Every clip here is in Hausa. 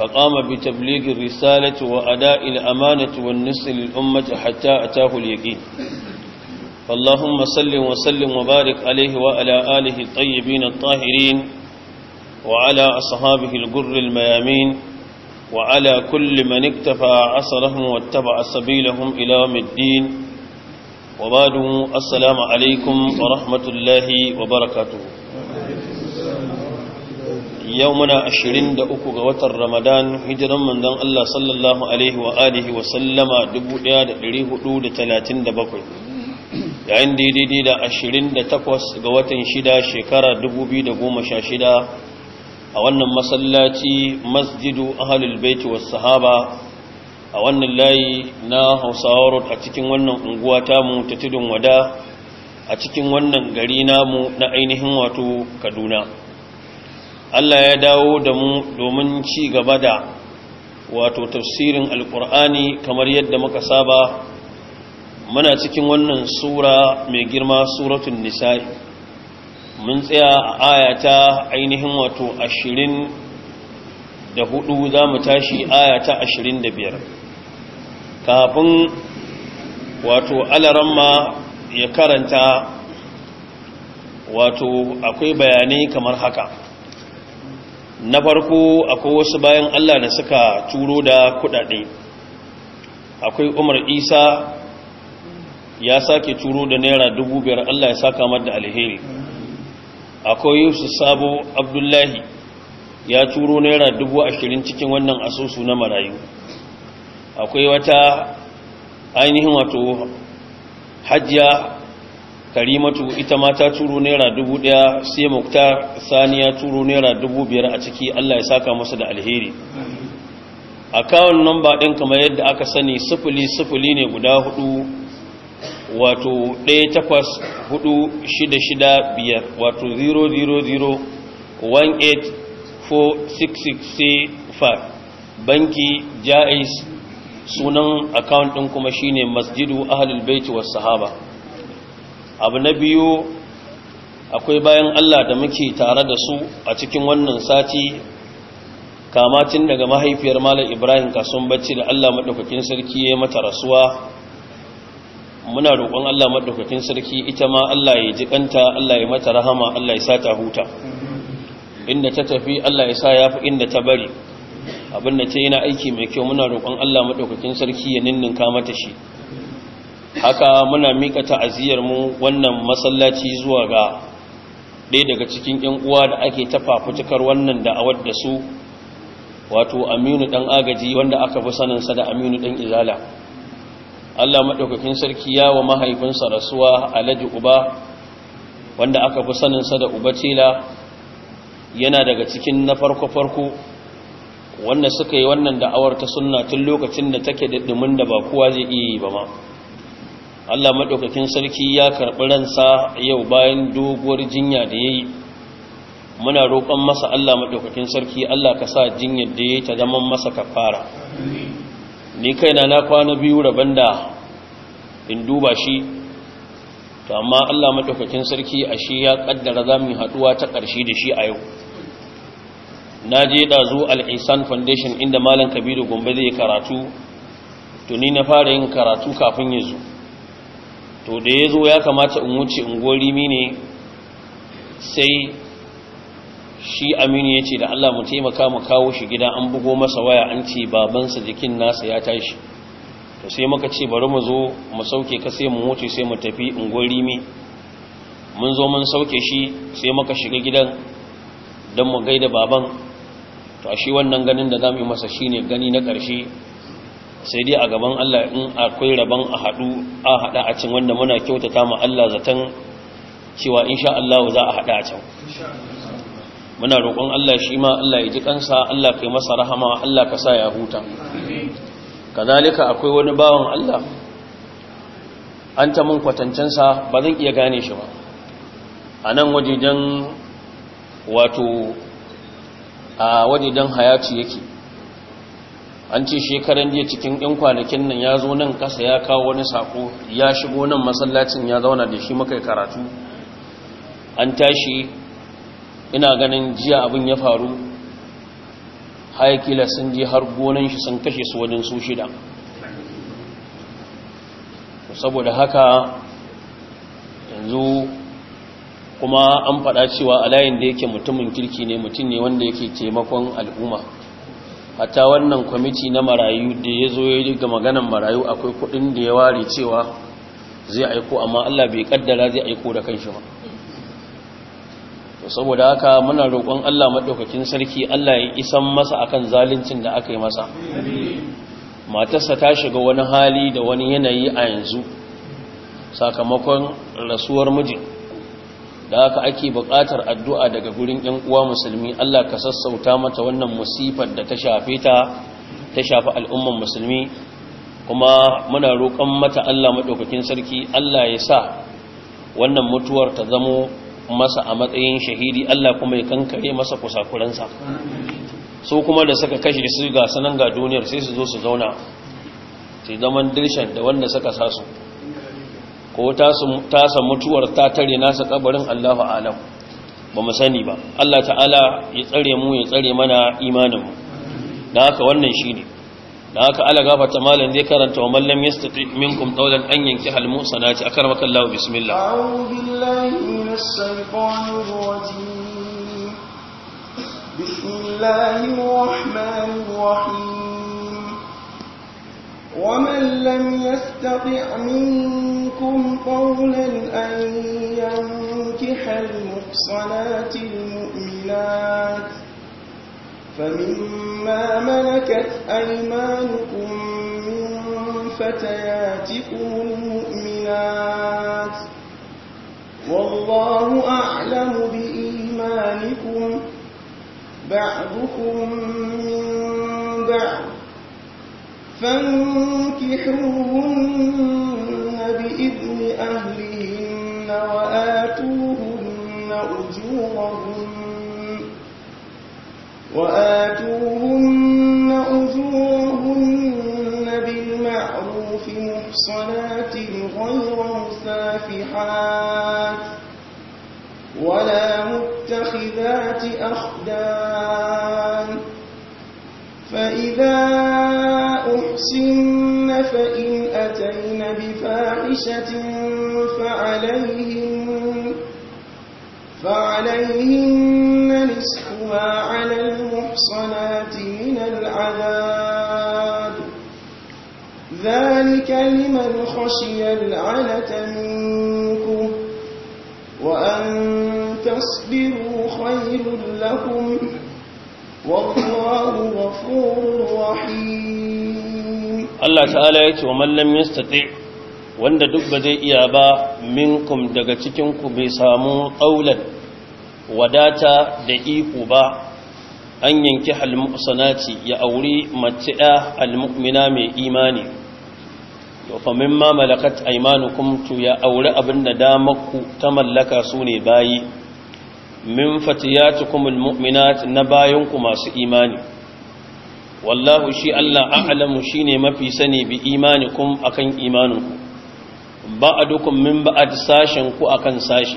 فقام بتبليغ الرسالة وأداء الأمانة والنصر للأمة حتى أتاه اليقين فاللهم صل وسلم وبارك عليه وعلى آله الطيبين الطاهرين وعلى أصحابه الجر الميامين وعلى كل من اكتفى عصرهم واتبع سبيلهم إلى يوم الدين وبعد السلام عليكم ورحمة الله وبركاته yau muna ashirin da uku ga watan ramadan hijiran manzon Allah sallallahu alaihi wa alihi wa sallama 1437 yayin daidai da ashirin da takwas ga watan shida shekara 2016 a wannan masallaci masjidu ahlul baiti wa sahaba a wannan layi na hausawa a cikin wannan unguwa tamu ta tudun wada a cikin wannan gari namu na ainihin wato kaduna Allah ya dawo da mu domin ci gaba da wato tafsirin alkur'ani kamar yadda muka saba muna cikin wannan sura mai girma suratun nisa'i mun tsaya a ayata ainihin wato ashirin da hudu za mu tashi ayata ashirin da biyar kafin wato alaramma ya karanta wato akwai bayanai kamar haka na farko akwai wasu bayan Allah da suka turo da kudade akwai umar isa ya sake turo da naira dubu biyar Allah ya saka da alheri akwai yusuf sabo abdullahi ya turo naira dubu ashirin cikin wannan asusu na marayu akwai wata ainihin wato hajjia karimatu ita ma ta turo naira dubu daya sai muktar saniya turo naira dubu biyar a ciki allah ya saka masa da alheri akawun namba ɗin kamar yadda aka sani sifili sifili ne guda hudu wato ɗaya takwas hudu shida shida biyar wato banki jais sunan akawun ɗin kuma shine masjidu ahalul baiti wasu sahaba abu na biyu akwai bayan Allah da muke tare da su a cikin wannan sati kamacin daga mahaifiyar malam ibrahim kasun bacci da Allah maɗaukakin sarki ya mata rasuwa muna roƙon Allah maɗaukakin sarki ita ma Allah ya ji kanta Allah ya mata rahama Allah ya sa ta huta inda ta tafi Allah ya sa ya fi inda ta bari abinda ta yi na aiki mai kyau muna roƙon Allah maɗaukakin sarki ya ninninka mata shi haka muna mika ta'aziyar mu wannan masallaci zuwa ga ɗaya daga cikin ƴan uwa da ake tafafutukar wannan da'awar da su wato Aminu dan agaji wanda aka fi sanin da Aminu dan Izala Allah madaukakin sarki ya wa mahaifinsa rasuwa Alhaji Uba wanda aka fi sanin da Uba Cela yana daga cikin na farko farko wanda suka yi wannan da'awar ta sunna tun lokacin da take da da ba kowa zai iya yi ba ma Allah madaukakin sarki ya karɓi ransa yau bayan doguwar jinya da yayi muna roƙon masa Allah madaukakin sarki Allah ka sa jinyar da yayi ta zama masa kafara ni kaina na kwana biyu raban da in duba shi to amma Allah madaukakin sarki a shi ya kaddara mu haduwa ta ƙarshe da shi a yau na je ɗazu al'isan foundation inda malam kabiru gombe zai karatu to ni na fara yin karatu kafin ya zo to da ya zo ya kamata in wuce in gori mini sai shi aminu ya ce da allah mu taimaka mu kawo shi gida an bugo masa waya an ce babansa jikin nasa ya tashi to sai muka ce bari mu zo mu sauke ka sai mu wuce sai mu tafi in gori mi mun zo mun sauke shi sai muka shiga gidan don mu gaida baban to shi wannan ganin da za mu yi masa shi ne gani na ƙarshe sai dai a gaban Allah in akwai rabon a haɗu a haɗa a cin wanda muna kyautata ma Allah zaton cewa insha Allah za a haɗa a can muna roƙon Allah shi ma Allah ya ji kansa Allah kai masa rahama Allah ka sa ya huta kazalika akwai wani bawan Allah an ta mun kwatancensa ba zan iya gane shi ba a nan wajejen wato a wajejen hayatu yake an ce shekaran jiya cikin yan kwanakin nan ya zo nan kasa ya kawo wani sako ya shigo nan masallacin ya zauna da shi muka karatu an tashi ina ganin jiya abin ya faru haikila sun je har gonan shi sun kashe su wajen su shida saboda haka yanzu kuma an faɗa cewa a layin da yake mutumin kirki ne mutum ne wanda yake taimakon al'umma Hata wannan kwamiti na marayu da ya zo ya ga maganan marayu akwai kudin da ya ware cewa zai aiko amma Allah bai kaddara zai aiko da kanshi ba To saboda haka muna roƙon Allah maɗaukakin sarki Allah ya isan masa akan zaluncin da aka yi masa matarsa ta shiga wani hali da wani yanayi a yanzu sakamakon rasuwar mijin da haka ake buƙatar addu'a daga gurin ‘yan uwa musulmi Allah ka sassauta mata wannan musifar da ta shafe ta ta shafi al'umman musulmi kuma muna roƙon mata Allah maɗaukakin sarki Allah ya sa wannan mutuwar ta zamo masa a matsayin shahidi Allah kuma ya kankare masa kusakuransa su kuma da suka kashe su ga sanan ga duniyar sai su zo su zauna sai zaman dirshan da wanda suka sasu. ko tasa mutuwar ta tare nasa kabarin Allahu alam ba mu sani ba Allah ta'ala ya tsare mu ya tsare mana imanin mu dan haka wannan shine dan haka Allah gafarta malam zai karanta wa man lam yastati minkum qawlan an yanki hal musanati akramaka Allah bismillah a'udhu billahi minash shaitanir rajim bismillahir rahmanir rahim ومن لم يستطع منكم لكم قولا أن ينكح المحصنات المؤمنات فمما ملكت أيمانكم من فتياتكم المؤمنات والله أعلم بإيمانكم بعضكم من بعض فانكحوهن بإذن أهلهن وآتوهن أجورهن وآتوهن أجورهن بالمعروف محصنات غير مسافحات ولا متخذات أخدان فإذا يحسن فإن أتين بفاحشة فعليهن, فعليهن نصفها على المحصنات من العذاب ذلك لمن خشي العنة منكم وأن تصبروا خير لكم والله غفور رحيم Allah ta'ala ya ce wa mallam yastati wanda duk ba zai iya ba minkum daga cikin ku bai samu qaulan wadata da iko ba an yanki halmusanati ya auri mace ɗaya almu'mina mai imani to fa mimma malakat aymanukum to ya auri abinda ku ta mallaka su ne bayi min fatiyatukum almu'minat na bayanku masu imani wallahu shi Allah a'lamu shine mafi sani bi imanikum akan imaninku ba'adukum min ba'd sashin ku akan sashi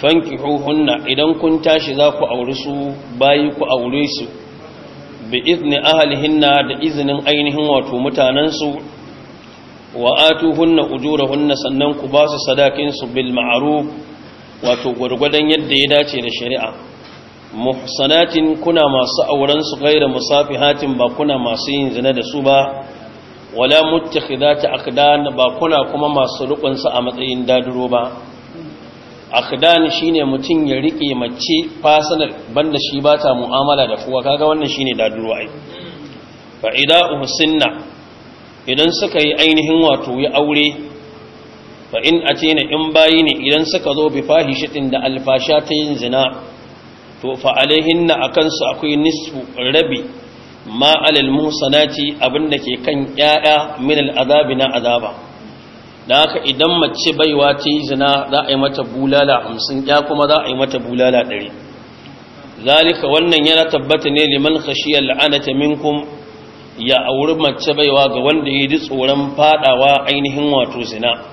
fankihuhunna idan kun tashi za ku aure su bayi ku aure su bi izni ahlihinna da iznin ainihin wato mutanen su wa atuhunna ujurahunna sannan ku ba su sadakin su bil ma'ruf wato gurgurdan yadda ya dace da shari'a muhsanatin kuna masu auren su gaira musafihatin ba kuna masu yin zina da su ba wala muttakhidati aqdan ba kuna kuma masu rukun a matsayin daduro ba aqdan shine mutun ya rike mace fasalar, banda shi ba ta mu'amala da kowa kaga wannan shine daduro ai fa ida'u sunna idan suka yi ainihin wato ya aure fa in atina in bayi ne idan suka zo bi fahishatin da alfasha ta yin zina to fa alaihinna akan akwai nisfu rabi ma alal musanati abinda ke kan yaya min azabi na azaba dan haka idan mace baiwa ta yi zina za a yi mata bulala hamsin ya kuma za a yi mata bulala ɗari. zalika wannan yana tabbata ne liman kashiya la'anata minkum ya auri mace baiwa ga wanda ya ji tsoron fadawa ainihin wato zina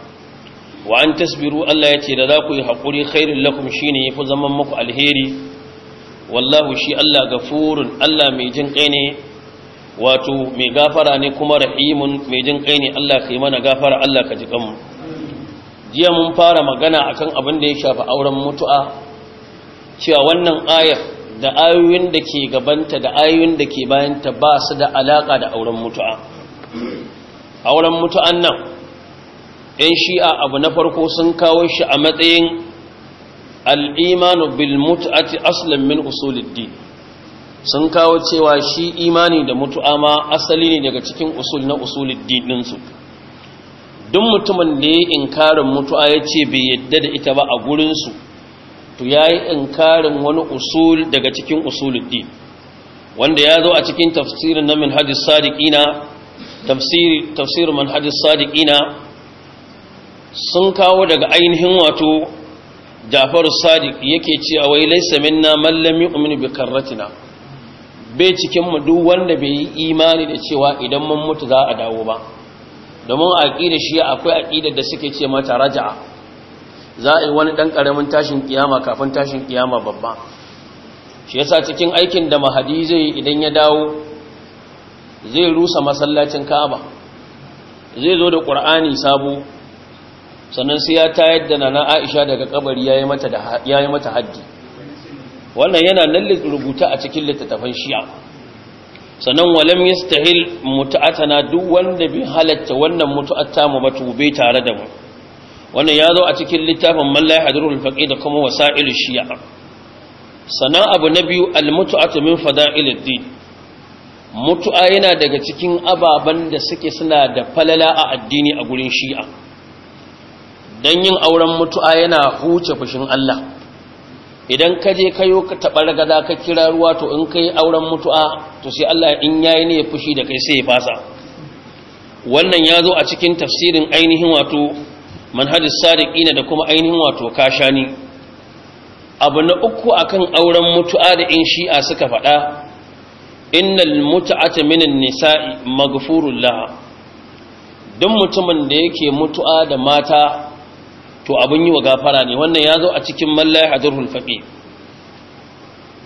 wa an tasbiru Allah ya ce da za ku yi haƙuri khairin lakum shine yafi zaman muku alheri wallahu shi Allah gafurun Allah mai jin kai ne wato mai gafara ne kuma rahimun mai jin kai ne Allah kai mana gafara Allah ka ji kanmu jiya mun fara magana akan abin da ya shafi auren mutu'a cewa wannan ayar da ayoyin da ke gabanta da ayoyin da ke bayanta ba su da alaka da auren mutu'a auren mutu'an nan 'yan shi'a abu na farko sun kawo shi a matsayin al'imanu bil mut'ati asalin min usulidi sun kawo cewa shi imani da mutu'a ma asali ne daga cikin usul na usuliddi ɗinsu duk mutumin da ya inkarin mutu'a ya ce bai yadda da ita ba a gurinsu to ya yi inkarin wani usul daga cikin usuliddi wanda ya zo a cikin tafsirin na min hadis sadiqina min sadiqina sun kawo daga ainihin wato Ja'far Sadiq yake cewa wai laysa minna Mallami lam yu'min bi karratina bai cikin mu duk wanda bai yi imani da cewa idan mun mutu za a dawo ba domin aqida shi akwai aqida da suke ce mata raja'a za a yi wani dan karamin tashin kiyama kafin tashin kiyama babba shi yasa cikin aikin da mahadi zai idan ya dawo zai rusa masallacin Ka'aba zai zo da Qur'ani sabo sannan sai ya tayar da nana aisha daga kabari ya yi mata haddi wannan yana nan rubuta a cikin littattafan shi'a sannan walam yastahil mutu'atana duk wanda bai halatta wannan mutu'atta mu matube tare da mu wannan ya zo a cikin littafin mallai hadirul faqi da kuma wasa'il shi'a sannan abu na biyu al mutu'atu min fada'ilid din mutu'a yana daga cikin ababen da suke suna da falala a addini a gurin shi'a don yin auren mutu'a yana huce fushin Allah idan ka je kayo ka taɓar gada ka kira ruwa to in ka yi auren mutu'a to sai Allah in ya yi ne ya fushi da kai sai ya fasa wannan ya zo a cikin tafsirin ainihin wato manhajis sadiqina da kuma ainihin wato kashani abu na uku akan auren mutu'a da in shi'a suka faɗa innal mutu'ata minan nisa'i maghfurul laha duk mutumin da yake mutu'a da mata to abun yi wa gafara ne wannan ya zo a cikin mallaya hadurul faqi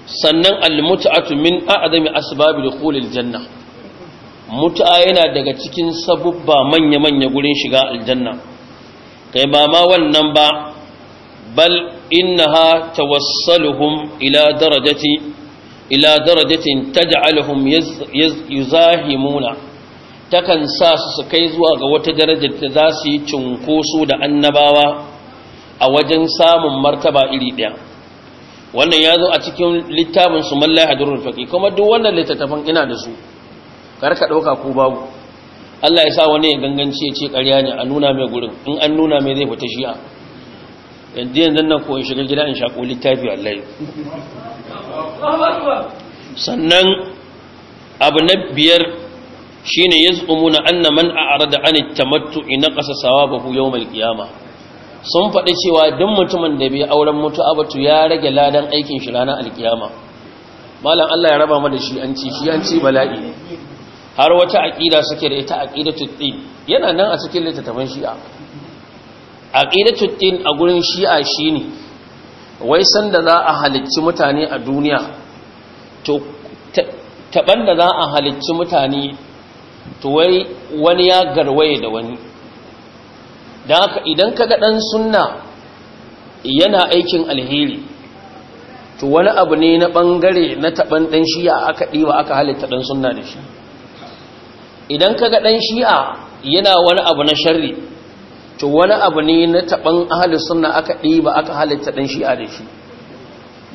sannan almut'atu min a'zami asbabi dukhulil janna muta'a yana daga cikin sabubba manya manya gurin shiga aljanna kai ba ma wannan ba bal innaha tawassaluhum ila darajati ila darajatin taj'aluhum yuzahimuna takan sa su su kai zuwa ga wata darajar da za su yi cunkoso da annabawa a wajen samun martaba iri ɗaya wannan ya zo a cikin littafin su mallai hadurul faƙi kuma duk wannan littattafan ina da su karka ɗauka ko babu Allah ya sa wani ya ganganci ya ce ƙarya ne a nuna mai gurin in an nuna mai zai fita shi'a yanzu yanzu nan ko shiga gida in shaƙo littafi wallahi sannan abu na biyar shine yazumuna anna man a'rada an at-tamattu in qasa sawabahu yawm al sun faɗi cewa duk mutumin da bai auren mutu-abatu ya rage ladan aikin shi ranar alkiyama. malam Allah ya raba mu da shi an ci shi an ci bala'i har wata aqida suke da ita aqidatu tin yana nan a cikin littattafan shi'a aqidatu tin a gurin shi'a shine wai san da za a halicci mutane a duniya to taban da za a halicci mutane to wai wani ya garwaye da wani don haka idan kaga ɗan suna yana aikin alheri to wani abu ne na ɓangare na taɓan ɗan shi'a aka ɗiwa aka halitta ɗan suna da shi idan kaga ɗan shi'a yana wani abu na sharri to wani abu ne na taɓan ahalin suna aka ɗiba aka halitta ɗan shi'a da shi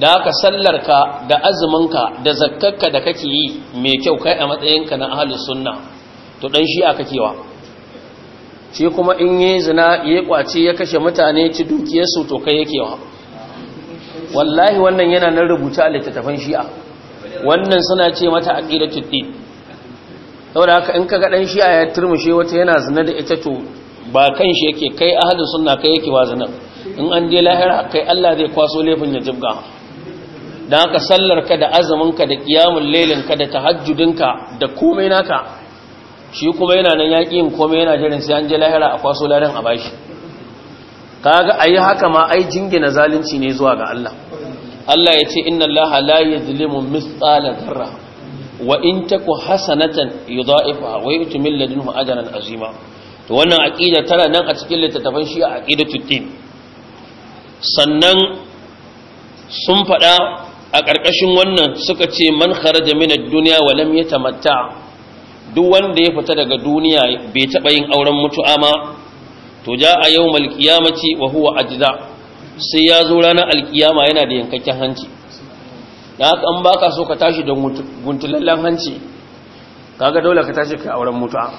da aka sallarka da azuminka da zakkarka da kake yi mai kyau kai a matsayinka na ahalin suna. to dan shi'a kakewa shi kuma in yi zina ya kwace ya kashe mutane ci dukiyarsu to kai yakewa wallahi wannan yana nan rubuta a littattafan shi'a wannan suna ce mata aqidatu din saboda haka in kaga dan shi'a ya turmushe wata yana zina da ita to ba kan shi yake kai ahadin suna kai yake wa zina in an je lahira kai Allah zai kwaso laifin ya jibga don haka sallar ka da azaminka da kiyamun lailin ka da tahajjudinka ka da komai naka shi kuma yana nan yaƙi yin kome yana jirin sai an je lahira a kwaso larin a bashi kaga ayi haka ma ai jingina zalunci ne zuwa ga Allah Allah ya ce inna Allah la yuzlimu mithqala dharra wa in taku hasanatan yudha'ifa wa yu'ti ladunhu ajran azima to wannan aqida tana nan a cikin littattafan shi a aqidatul sannan sun faɗa a ƙarƙashin wannan suka ce man kharaja min ad-dunya wa lam yatamatta duk wanda ya fita daga duniya bai taɓa yin auren mutu'a ma to ja a yau malkiyamaci wa huwa ajiza sai ya zo ranar alkiyama yana da yankakken hanci da haka an baka so ka tashi da guntulallen hanci kaga dole ka tashi kai auren mutu'a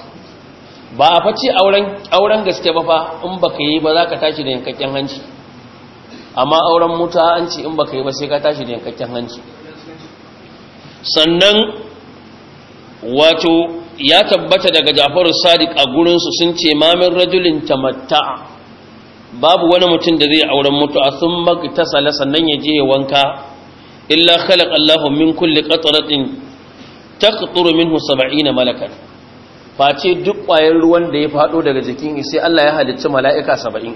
ba a face auren gaske ba fa in baka yi ba za ka tashi da yankakken hanci amma auren mutu'a hanci in baka yi ba sai ka tashi da yankakken hanci sannan wato ya tabbata daga Jafaru Sadiq a gurinsu sun ce mamin rajulin tamatta babu wani mutum da zai auren mutuwa sun magtasala sannan ya je ya wanka illa khalaq Allahu min kulli qatratin taqturu minhu 70 malakan face duk ƙwayar ruwan da ya fado daga jikin sai Allah ya halicci mala'ika 70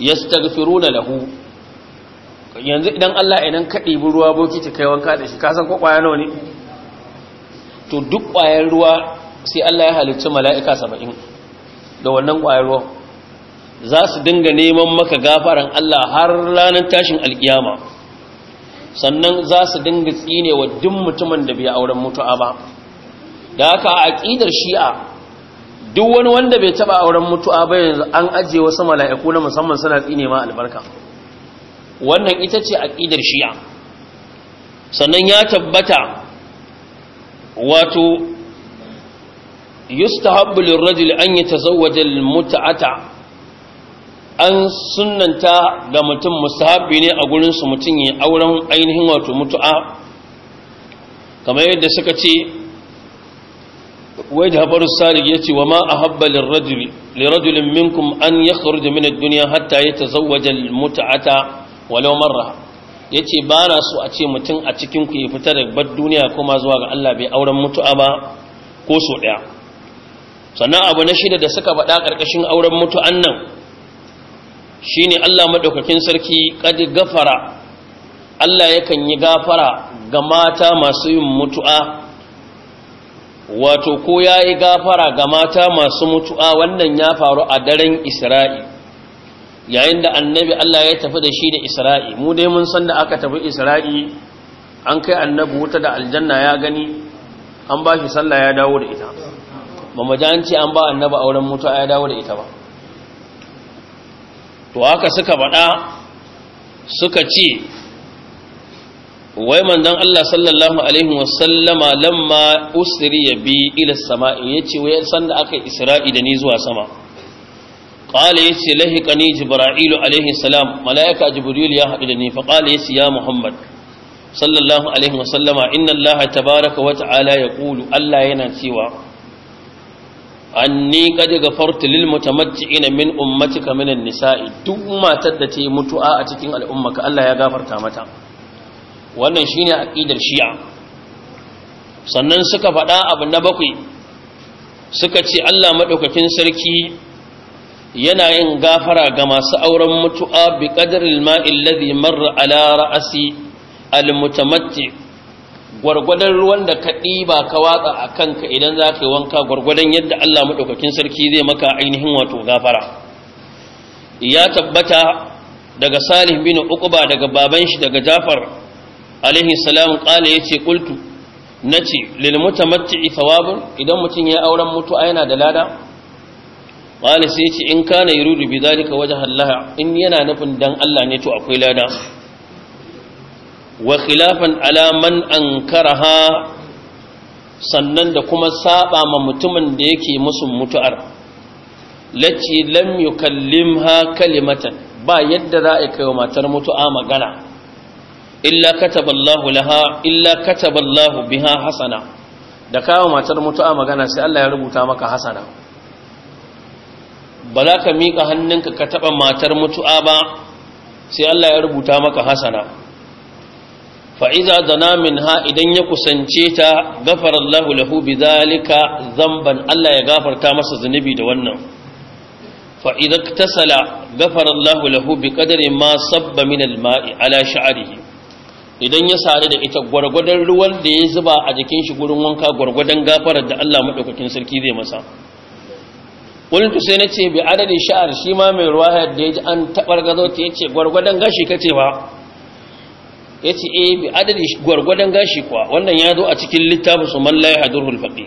yastaghfiruna lahu yanzu idan Allah idan ka ɗibi ruwa ta kai wanka da shi ka san ko ƙwaya nawa ne to duk ƙwayar ruwa sai Allah ya halicci mala'ika saba'in da wannan ƙwayar ruwa za su dinga neman maka gafaran Allah har ranar tashin alkiyama sannan za su dinga tsine wa duk mutumin da bai auren mutu'a ba da haka a ƙidar shi'a duk wani wanda bai taɓa auren mutu'a ba yanzu an ajiye wasu mala'iku na musamman suna tsine ma albarka wannan ita ce a ƙidar shi'a sannan ya tabbata wato yustahabbu lirrajul an yatazawwaja ata an sunnanta ga mutum mustahabbi ne a gurinsu mutum ya auren ainihin wato mutu'a kamar yadda suka ce wai da habar salik ya ce wa ma a habba lirajulin minkum an yi kharuji min ad-dunya hatta yatazawwaja almut'ata walau marra ya ce ba na so a ce mutum a cikinku ya fita da bar duniya kuma zuwa ga Allah bai auren mutu'a ba ko so ɗaya sannan abu na shida da suka faɗa ƙarƙashin auren mutu'an nan shi ne Allah maɗaukakin sarki ƙadi gafara Allah yakan yi gafara ga mata masu yin mutu'a wato ko ya yi gafara ga mata masu mutu'a wannan ya faru a daren isra'i yayin da annabi Allah ya tafi da shi da isra'i mu dai mun san da aka tafi isra'i an kai annabi wuta da aljanna ya gani an ba shi sallah ya dawo da ita ba mu an ce an ba annabi auren mutuwa ya dawo da ita ba to haka suka baɗa, suka ce wai manzon Allah sallallahu alaihi wasallama lamma usri bi ila sama'i yace wai san da aka isra'i da ni zuwa sama qala yace lahiqani jibril alaihi salam malaika jibril ya haɗu da ni fa qala yace ya muhammad sallallahu alaihi wasallama inna allaha tabaaraka wa ta'ala yaqulu allah yana cewa anni qad ghafartu lil mutamatti'ina min ummatika min an-nisa'i duk matar da ta yi mutu'a a cikin al'ummaka allah ya gafarta mata wannan shine aqidar shi'a sannan suka faɗa abu na bakwai suka ce allah madaukakin sarki yana yin gafara ga masu auren mutu'a bi qadaril ma'il ladhi marra ala ra'si almutamatti gwargwadon ruwan da ka ɗiba ka watsa a kanka idan za ka yi wanka gwargwadon yadda Allah maɗaukakin sarki zai maka ainihin wato gafara ya tabbata daga salih bin uquba daga baban shi daga jafar alaihi salam qala yace qultu nace lil mutamatti thawabun idan mutun ya auren mutuwa yana da lada qala sai yace in kana yuridu bi zalika waje hallaha in yana nufin dan Allah ne to akwai lada wa khilafan alaman man ankaraha sannan da kuma saba ma mutumin da yake musu mutu'ar lati lam ha kalimatan ba yadda za a kai wa matar mutu'a magana illa kataballahu laha illa kataballahu biha hasana da kawo matar mutu'a magana sai Allah ya rubuta maka hasana ba za ka miƙa hannunka ka taɓa matar mutu'a ba sai Allah ya rubuta maka hasana fa'iza da min ha idan ya kusance ta gafar Allahu lahu bi zalika zamban Allah ya gafarta masa zunubi da wannan fa'iza sala gafar Allahu lahu bi ƙadari ma sabba min alma'i ala sha'arihi idan ya sadu da ita gwargwadon ruwan da ya zuba a jikin shi gurin wanka gwargwadon gafarar da Allah maɗaukakin sarki zai masa qultu sai ce bi adadin sha'ar shi ma mai ruwa da ji an gazo ta yace gwargwadon gashi ka ce ba ce eh bi adadin gwargwadon gashi kuwa wannan ya zo a cikin littafin su man la faɗi.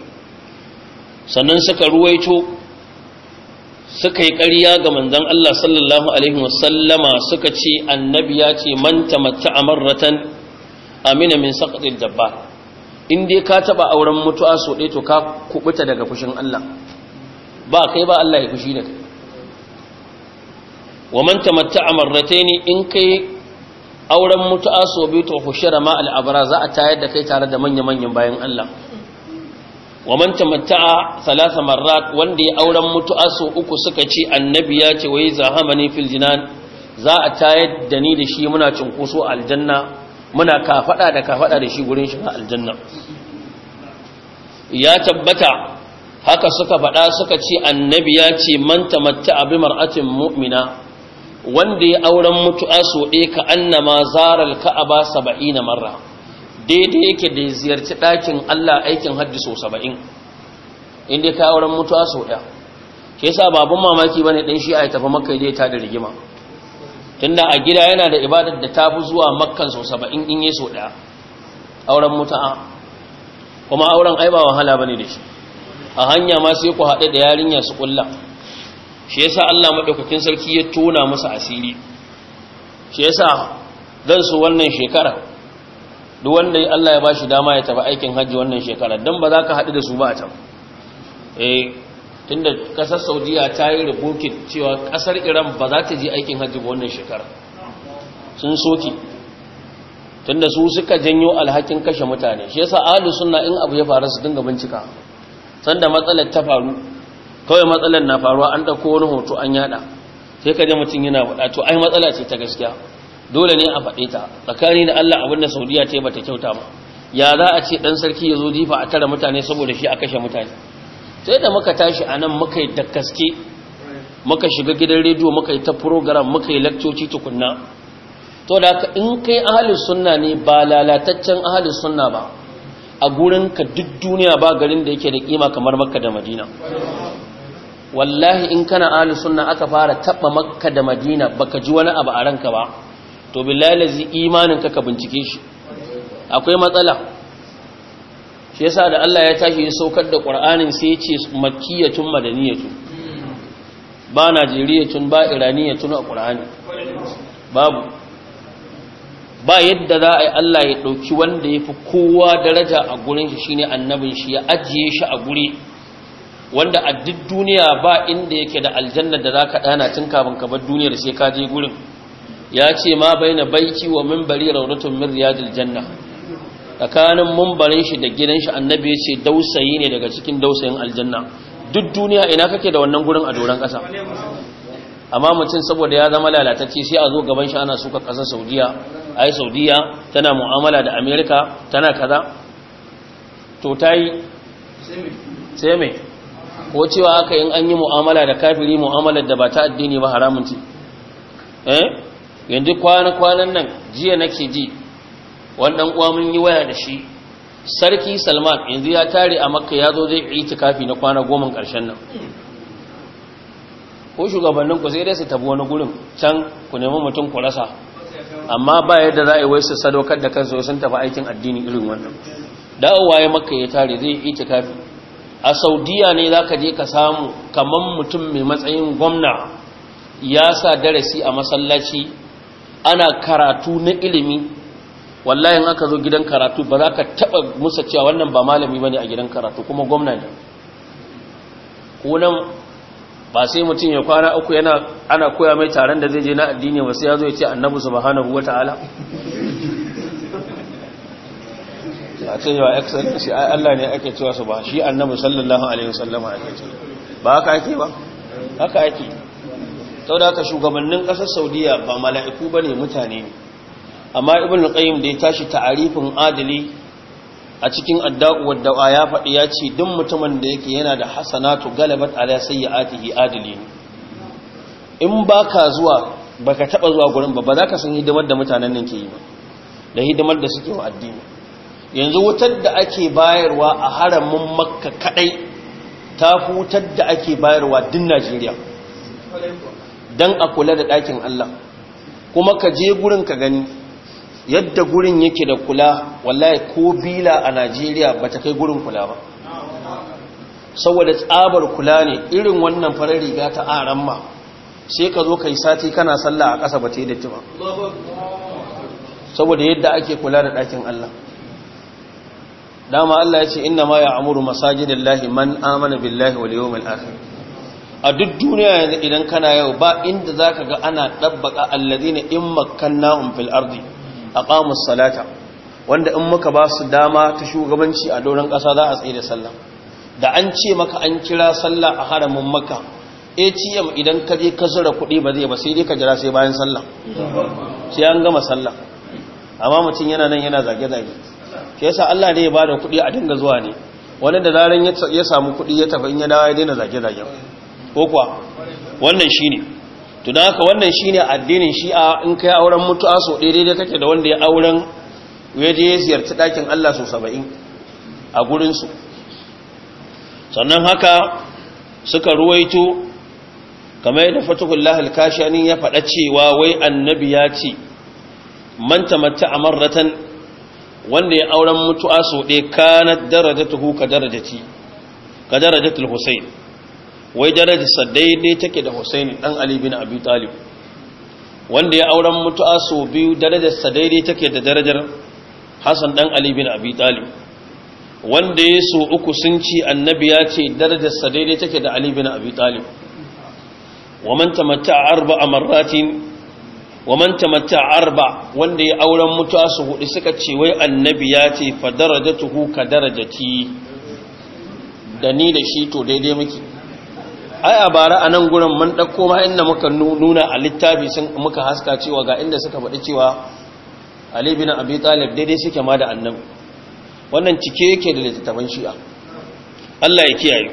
sannan suka ruwaito suka yi ƙarya ga manzan Allah sallallahu alaihi wasallama suka ce annabi ya ce man tamatta amarratan amina min saqatil dabba in dai ka taba auren mutuwa so dai to ka kubuta daga fushin Allah ba kai ba Allah ya fushi da kai wa man tamatta'a marrataini in kai auren mutu'a so biyu to khushara ma al'abara za a tayar da kai tare da manya-manyan bayan Allah wa man tamatta'a thalatha marrat wanda ya auren mutu'a so uku suka ce annabi ya ce wai zahamani fil jinan za a tayar da ni da shi muna cinkoso aljanna muna kafada da kafada da shi gurin shiga aljanna ya tabbata haka suka faɗa suka ce annabi ya ce manta tamatta abi mar'atin mu'mina wanda ya auren mutu'a so ɗaya ka annama zaral ka'aba na marra daidai yake da ziyarci ɗakin Allah aikin hajji so saba'in inda ka auren mutu'a so ɗaya ke sa babun mamaki bane ɗin shi a tafi makka ya ta da rigima tunda a gida yana da ibadar da ta fi zuwa makkan so saba'in in yi so ɗaya auren mutu'a kuma auren ai ba wahala bane da shi a hanya ma sai ku haɗu da yarinya su kulla shi yasa Allah maɗaukakin sarki ya tona masa asiri shi yasa zan su wannan shekara duk wanda Allah ya bashi dama ya tafi aikin hajji wannan shekara don ba za ka haɗu da su ba a can eh, tunda ƙasar Saudiya ta yi rubukin cewa ƙasar Iran ba za ta je aikin hajji ba wannan shekara sun soki tunda su suka janyo alhakin kashe mutane shi yasa ahli sunna in abu ya faru su dinga bincika sanda matsalar ta faru kawai matsalar na faruwa an ɗauko wani hoto an yada sai ka ji mutum yana faɗa to ai matsala ce ta gaskiya dole ne a faɗe ta tsakani da Allah abin da Saudiya ta bata kyauta ba ya za a ce dan sarki ya zo jifa a tara mutane saboda shi a kashe mutane sai da muka tashi anan muka yi da gaske muka shiga gidan rediyo muka yi ta program muka yi lakcoci tukunna to da in kai ahalin sunna ne ba lalataccen ahalin sunna ba a gurin ka duk duniya ba garin da yake da kima kamar makka da madina wallahi in kana ahli sunna aka fara taba makka da madina baka ji wani abu a ranka ba to billahi lazi imanin ka ka bincike shi akwai matsala shi yasa da Allah ya tashi ya saukar da Qur'anin sai ya ce makkiyatun madaniyatu ba najeriyatun ba iraniyatun a Qur'ani babu ba yadda za a yi Allah ya ɗauki wanda ya fi kowa daraja a gurin shi shine annabin shi ya ajiye shi a guri wanda a duk duniya ba inda yake da aljanna da za ka ɗana tun kafin ka bar duniyar sai ka je gurin ya ce ma bai baiki wa minbari rawdatun min riyadil janna tsakanin mumbarin shi da gidan shi annabi ya ce dausayi ne daga cikin dausayin aljanna duk duniya ina kake da wannan gurin a doron kasa amma mutum saboda ya zama lalatacce sai a zo gaban shi ana suka kasar saudiya ai saudiya tana mu'amala da amerika tana kaza to ta yi sai ko cewa aka yin an yi mu'amala da kafiri mu'amala da ba ta addini ba haramun ce eh yanzu kwana-kwanan nan jiya nake ji wannan uwa mun yi waya da shi sarki salman yanzu ya tare a makka ya zo zai kafi na kwana goma karshen nan ko shugabannin ku sai dai su tabi wani gurin can ku nemi mutum ku rasa amma ba yadda za a yi wai sadaukar da kansu sun tafi aikin addini irin wannan da'uwa ya maka ya tare zai yi kafi a saudiya ne za ka je ka samu kamar mutum mai matsayin gwamna ya sa darasi a masallaci ana karatu na ilimi wallahi in aka zo gidan karatu ba za ka taɓa musa cewa wannan ba malami ba ne a gidan karatu kuma gwamna ne ba sai mutum ya kwana uku yana ana koya mai taron da zai je na addini ba sai ya zo ya ce annabi subhanahu ta'ala a ce yawa excellence ai Allah ne ake cewa su ba shi annabi sallallahu alaihi wasallama ake cewa ba haka ake ba haka ake sau da haka shugabannin ƙasar saudiya ba mala'iku ba ne mutane ne amma ibnu qayyim da ya tashi ta'arifin adili a cikin adda'u wadda ya faɗi ya ce duk mutumin da yake yana da hasanatu galabat ala sayyi'atihi adili in in ka zuwa baka taba zuwa gurin ba ba za ka san hidimar da mutanen nan ke yi ba da hidimar da suke wa addini yanzu wutar da ake bayarwa a haramin makka kaɗai ta hutar da ake bayarwa din najeriya Dan a kula da ɗakin allah kuma ka je gurin ka gani yadda gurin yake da kula wallahi ko bila a najeriya ba ta kai gurin kula ba saboda tsabar kula ne irin wannan farar riga ta aran ma sai ka zo ka sati kana sallah a ƙasa ba ta yi datti ba saboda yadda ake kula da ɗakin allah dama allah ya ce inna ma ya amuru masajidillahi man amana billahi wal yawmil akhir a duk duniya yanzu idan kana yau ba inda zaka ga ana dabbaka allazina in makkannahum fil ardi aqamus salata wanda in muka ba su dama ta shugabanci a doron ƙasa za a tsaye da sallah da an ce maka an kira sallah a haramin makka atm idan ka je ka zura kuɗi ba zai ba sai dai ka jira sai bayan sallah sai an gama sallah amma mutum yana nan yana zage-zage shi yasa allah ne ya ba da kuɗi a dinga zuwa ne wani da zaran ya samu kuɗi ya tafi in ya dawo ya daina zage-zage ko kuwa wannan shine tunan haka wannan shine addinin shi'a in kai auren mutu'a so daidai da kake da wanda ya auren ya ya ziyarci ɗakin Allah so saba'in a gurinsu sannan haka suka ruwaito kamar yadda fatuhun lahal kashani ya faɗa cewa wai annabi ya ce manta mata a marratan wanda ya auren mutu'a so ɗaya kanar darajatuhu ka darajatul husayn wai darajarsa daidai take da husaini dan ali bin abi talib wanda ya auren mutu'a so biyu darajarsa daidai take da darajar hassan dan ali bin abi talib wanda ya so uku sun ci annabi ya ce darajarsa daidai take da ali bin abi talib wa man tamatta'a arba marratin wa man tamatta arba wanda ya auren mutu'a su hudu suka ce wai annabi ya ce fa darajatuhu ka darajati da ni da shi to daidai muke ai a bara a nan gurin man ɗauko ma inda muka nuna a littafi sun muka haska cewa ga inda suka faɗi cewa Ali bin Abi Talib daidai suke ma da annabi wannan cike yake da littattafan shi'a Allah ya kiyaye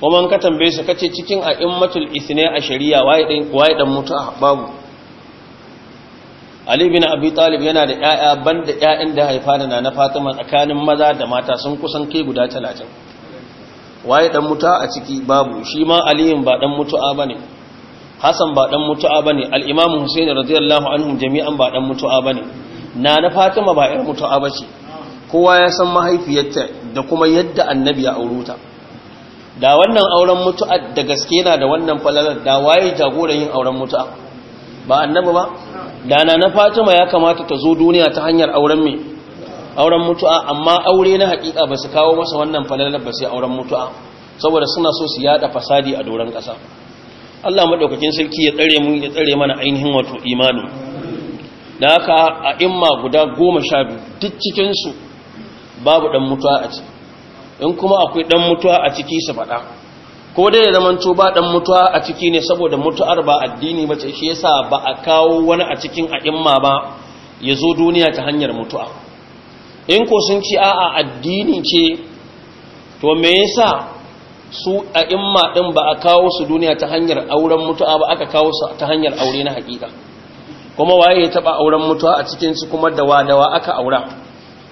kuma ka tambaye su kace cikin a'immatul isne a shari'a waye dan mutu dan babu Ali bin Abi Talib yana da ƴaƴa banda ƴaƴan da haifa da na Fatima tsakanin maza da mata sun kusan kai guda 30 waye dan muta a ciki babu shi ma aliyun ba dan mutu'a bane hasan ba dan mutu'a bane al-imam husaini radiyallahu anhu jami'an ba dan mutu'a bane nana fatima ba yar mutu'a bace kowa ya san mahaifiyarta da kuma yadda annabi ya auruta da wannan auren mutu'a da gaske yana da wannan falalar da waye jagoran yin auren mutu'a ba annabi ba da nana fatima ya kamata ta zo duniya ta hanyar auren me auren mutu'a amma aure na haƙiƙa ba su kawo masa wannan falalar ba sai auren mutu'a saboda suna so su yada fasadi a doron kasa Allah madaukakin sarki ya tsare mu ya tsare mana ainihin wato imani da haka a imma guda goma sha duk cikin su babu dan mutu'a a ciki in kuma akwai dan mutu'a a ciki su faɗa ko dai ya to ba dan mutu'a a ciki ne saboda mutu'ar ba addini ba ce shi yasa ba a kawo wani a cikin a'imma ba ya zo duniya ta hanyar mutu'a. in ko sun ci a'a addini ce to me yasa su a imma din ba a kawo su duniya ta hanyar auren mutu'a ba aka kawo su ta hanyar aure na hakika kuma waye ya taba auren mutu'a a cikin su kuma da wadawa aka aura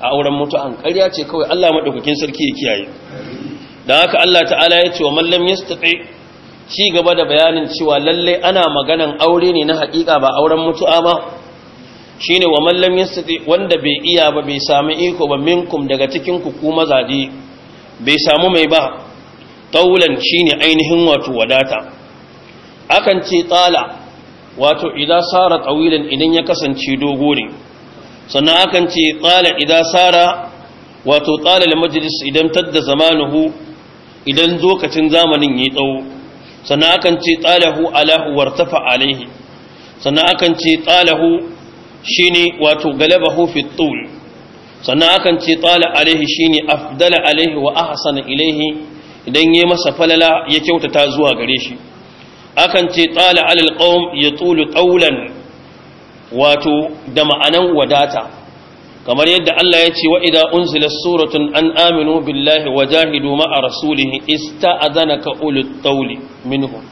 a auren mutu'an ƙarya ce kawai Allah madaukakin sarki ya kiyaye dan haka Allah ta'ala ya ce wa man lam yastati ci gaba da bayanin cewa lalle ana maganan aure ne na hakika ba auren mutu'a ba shine wa man lam yastati wanda bai iya ba bai sami iko ba minkum daga cikin kuku ku mazaje bai samu mai ba taulan shine ainihin wato wadata akan ce tsala wato idan sara tawilan idan ya kasance dogo ne sannan akan ce tsala idan sara wato tsala da majalis idan tadda zamanuhu idan lokacin zamanin ya tsawo sannan akan ce tsala hu alahu wartafa alaihi sannan akan ce tsala hu. shine wato galabahu fi tul sannan akan ce tala alaihi shine afdala alaihi wa ahsana ilaihi idan yayi masa falala ya kyautata zuwa gare shi akan ce tala alal ya tulu qawlan wato da ma'anan wadata kamar yadda Allah ya ce wa idza unzila suratun an aminu billahi wa jahidu ma'a rasulihi ka ulul tawli minhum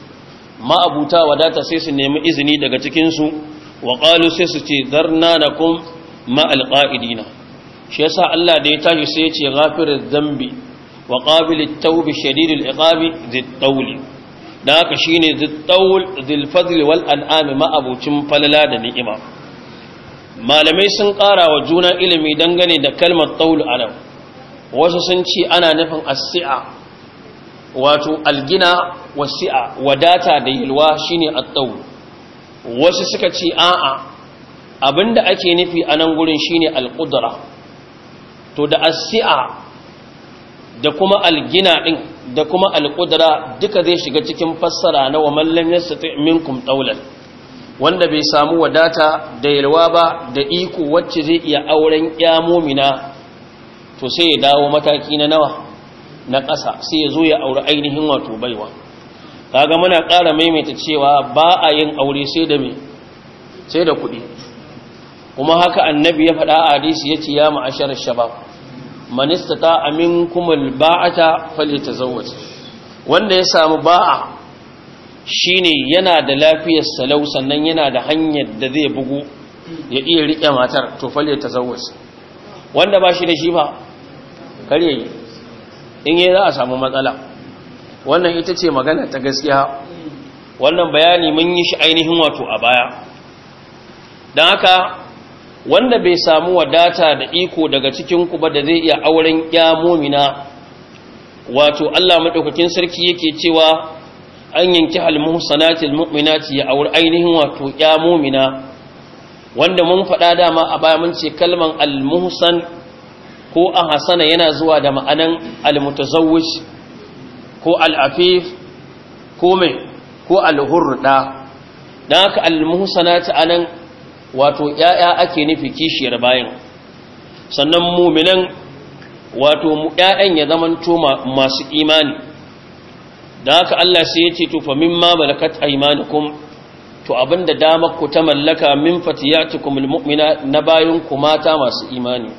ma abuta wadata sai su nemi izini daga cikin su Waƙalu sai su ce zarna nakum ma ma'alƙa'idina shi yasa Allah da ya tashi sai ya ce ghafiruz zambi wa qabilut tawbi shadidul iqabi zit da haka shine zit tawl zil wal an'am ma'abucin falala da ni'ima malamai sun ƙara wa juna ilimi dangane da kalmar a alam wasu sun ce ana nufin as wato algina wasi'a wadata da yalwa shine at wasu suka ce a'a abinda ake nufi a nan gurin shine alƙudura to da asi'a da kuma algina ɗin da kuma alƙudura duka zai shiga cikin fassara na wa mallam ya sati minkum ɗaular wanda bai samu wadata da yalwa ba da iko wacce zai iya auren ya momina to sai ya dawo mataki na nawa na ƙasa sai ya zo ya auri ainihin wato baiwa kaga muna ƙara maimaita cewa ba a yin aure sai da me sai da kuɗi kuma haka annabi ya faɗa a hadisi ya ce ya ma'ashar shabab man ta, aminkum ta falyatazawwaj wanda ya samu ba'a ne yana da lafiyar salau sannan yana da hanyar da zai bugu ya iya riƙe matar to ta falyatazawwaj wanda ba shi da shi ba kare in yi za a samu matsala wannan ita ce magana ta gaskiya wannan bayani mun yi shi ainihin wato a baya don haka wanda bai samu wadata da iko daga cikin ba da zai iya auren ya momina wato Allah maɗaukakin sarki yake cewa an yanki halmuhsanatil mu'minati ya auri ainihin wato ya momina wanda mun faɗa dama a baya mun ce kalman almuhsan ko a hasana yana zuwa da ma'anan almutazawwish ko al'afif ko mai ko alhurda don haka almuhusanati a nan wato ‘ya'ya ake nufi kishiyar bayan sannan muminan wato ‘ya'yan ya zama masu imani don haka Allah sai ya ce tufa mimma malakat aimanukum to abinda damar ku ta mallaka min fatiyatukum almu'mina na bayan ku mata masu imani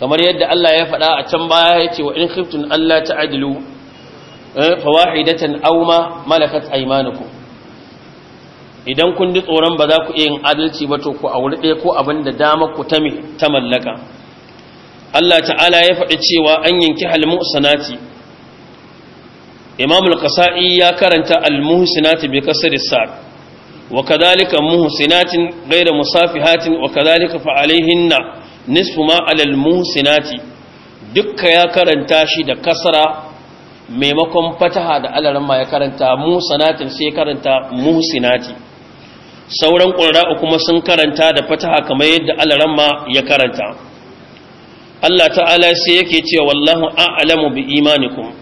kamar yadda Allah ya faɗa a can baya ya ce wa in khiftun Allah adilu Eh, fawahidatan aw ma malakat aymanukum idan kun ji tsoron ba za ku iya yin adalci ba to ku auri ɗaya ko abin da dama ku ta mallaka Allah ta'ala ya faɗi cewa an yanki halmusanati Imam al-Qasa'i ya karanta al bi kasri sa'd wa kadhalika muhsinatin ghayra musafihatin wa kadhalika fa alayhinna nisfu ma al-muhsinati dukka ya karanta shi da kasra maimakon fataha da alaran ma ya karanta musanatin sai karanta Sinati. sauran ƙwararra kuma sun karanta da fataha kamar yadda alaran ma ya karanta Allah ta'ala sai yake cewa wallahu a'lamu bi imanikum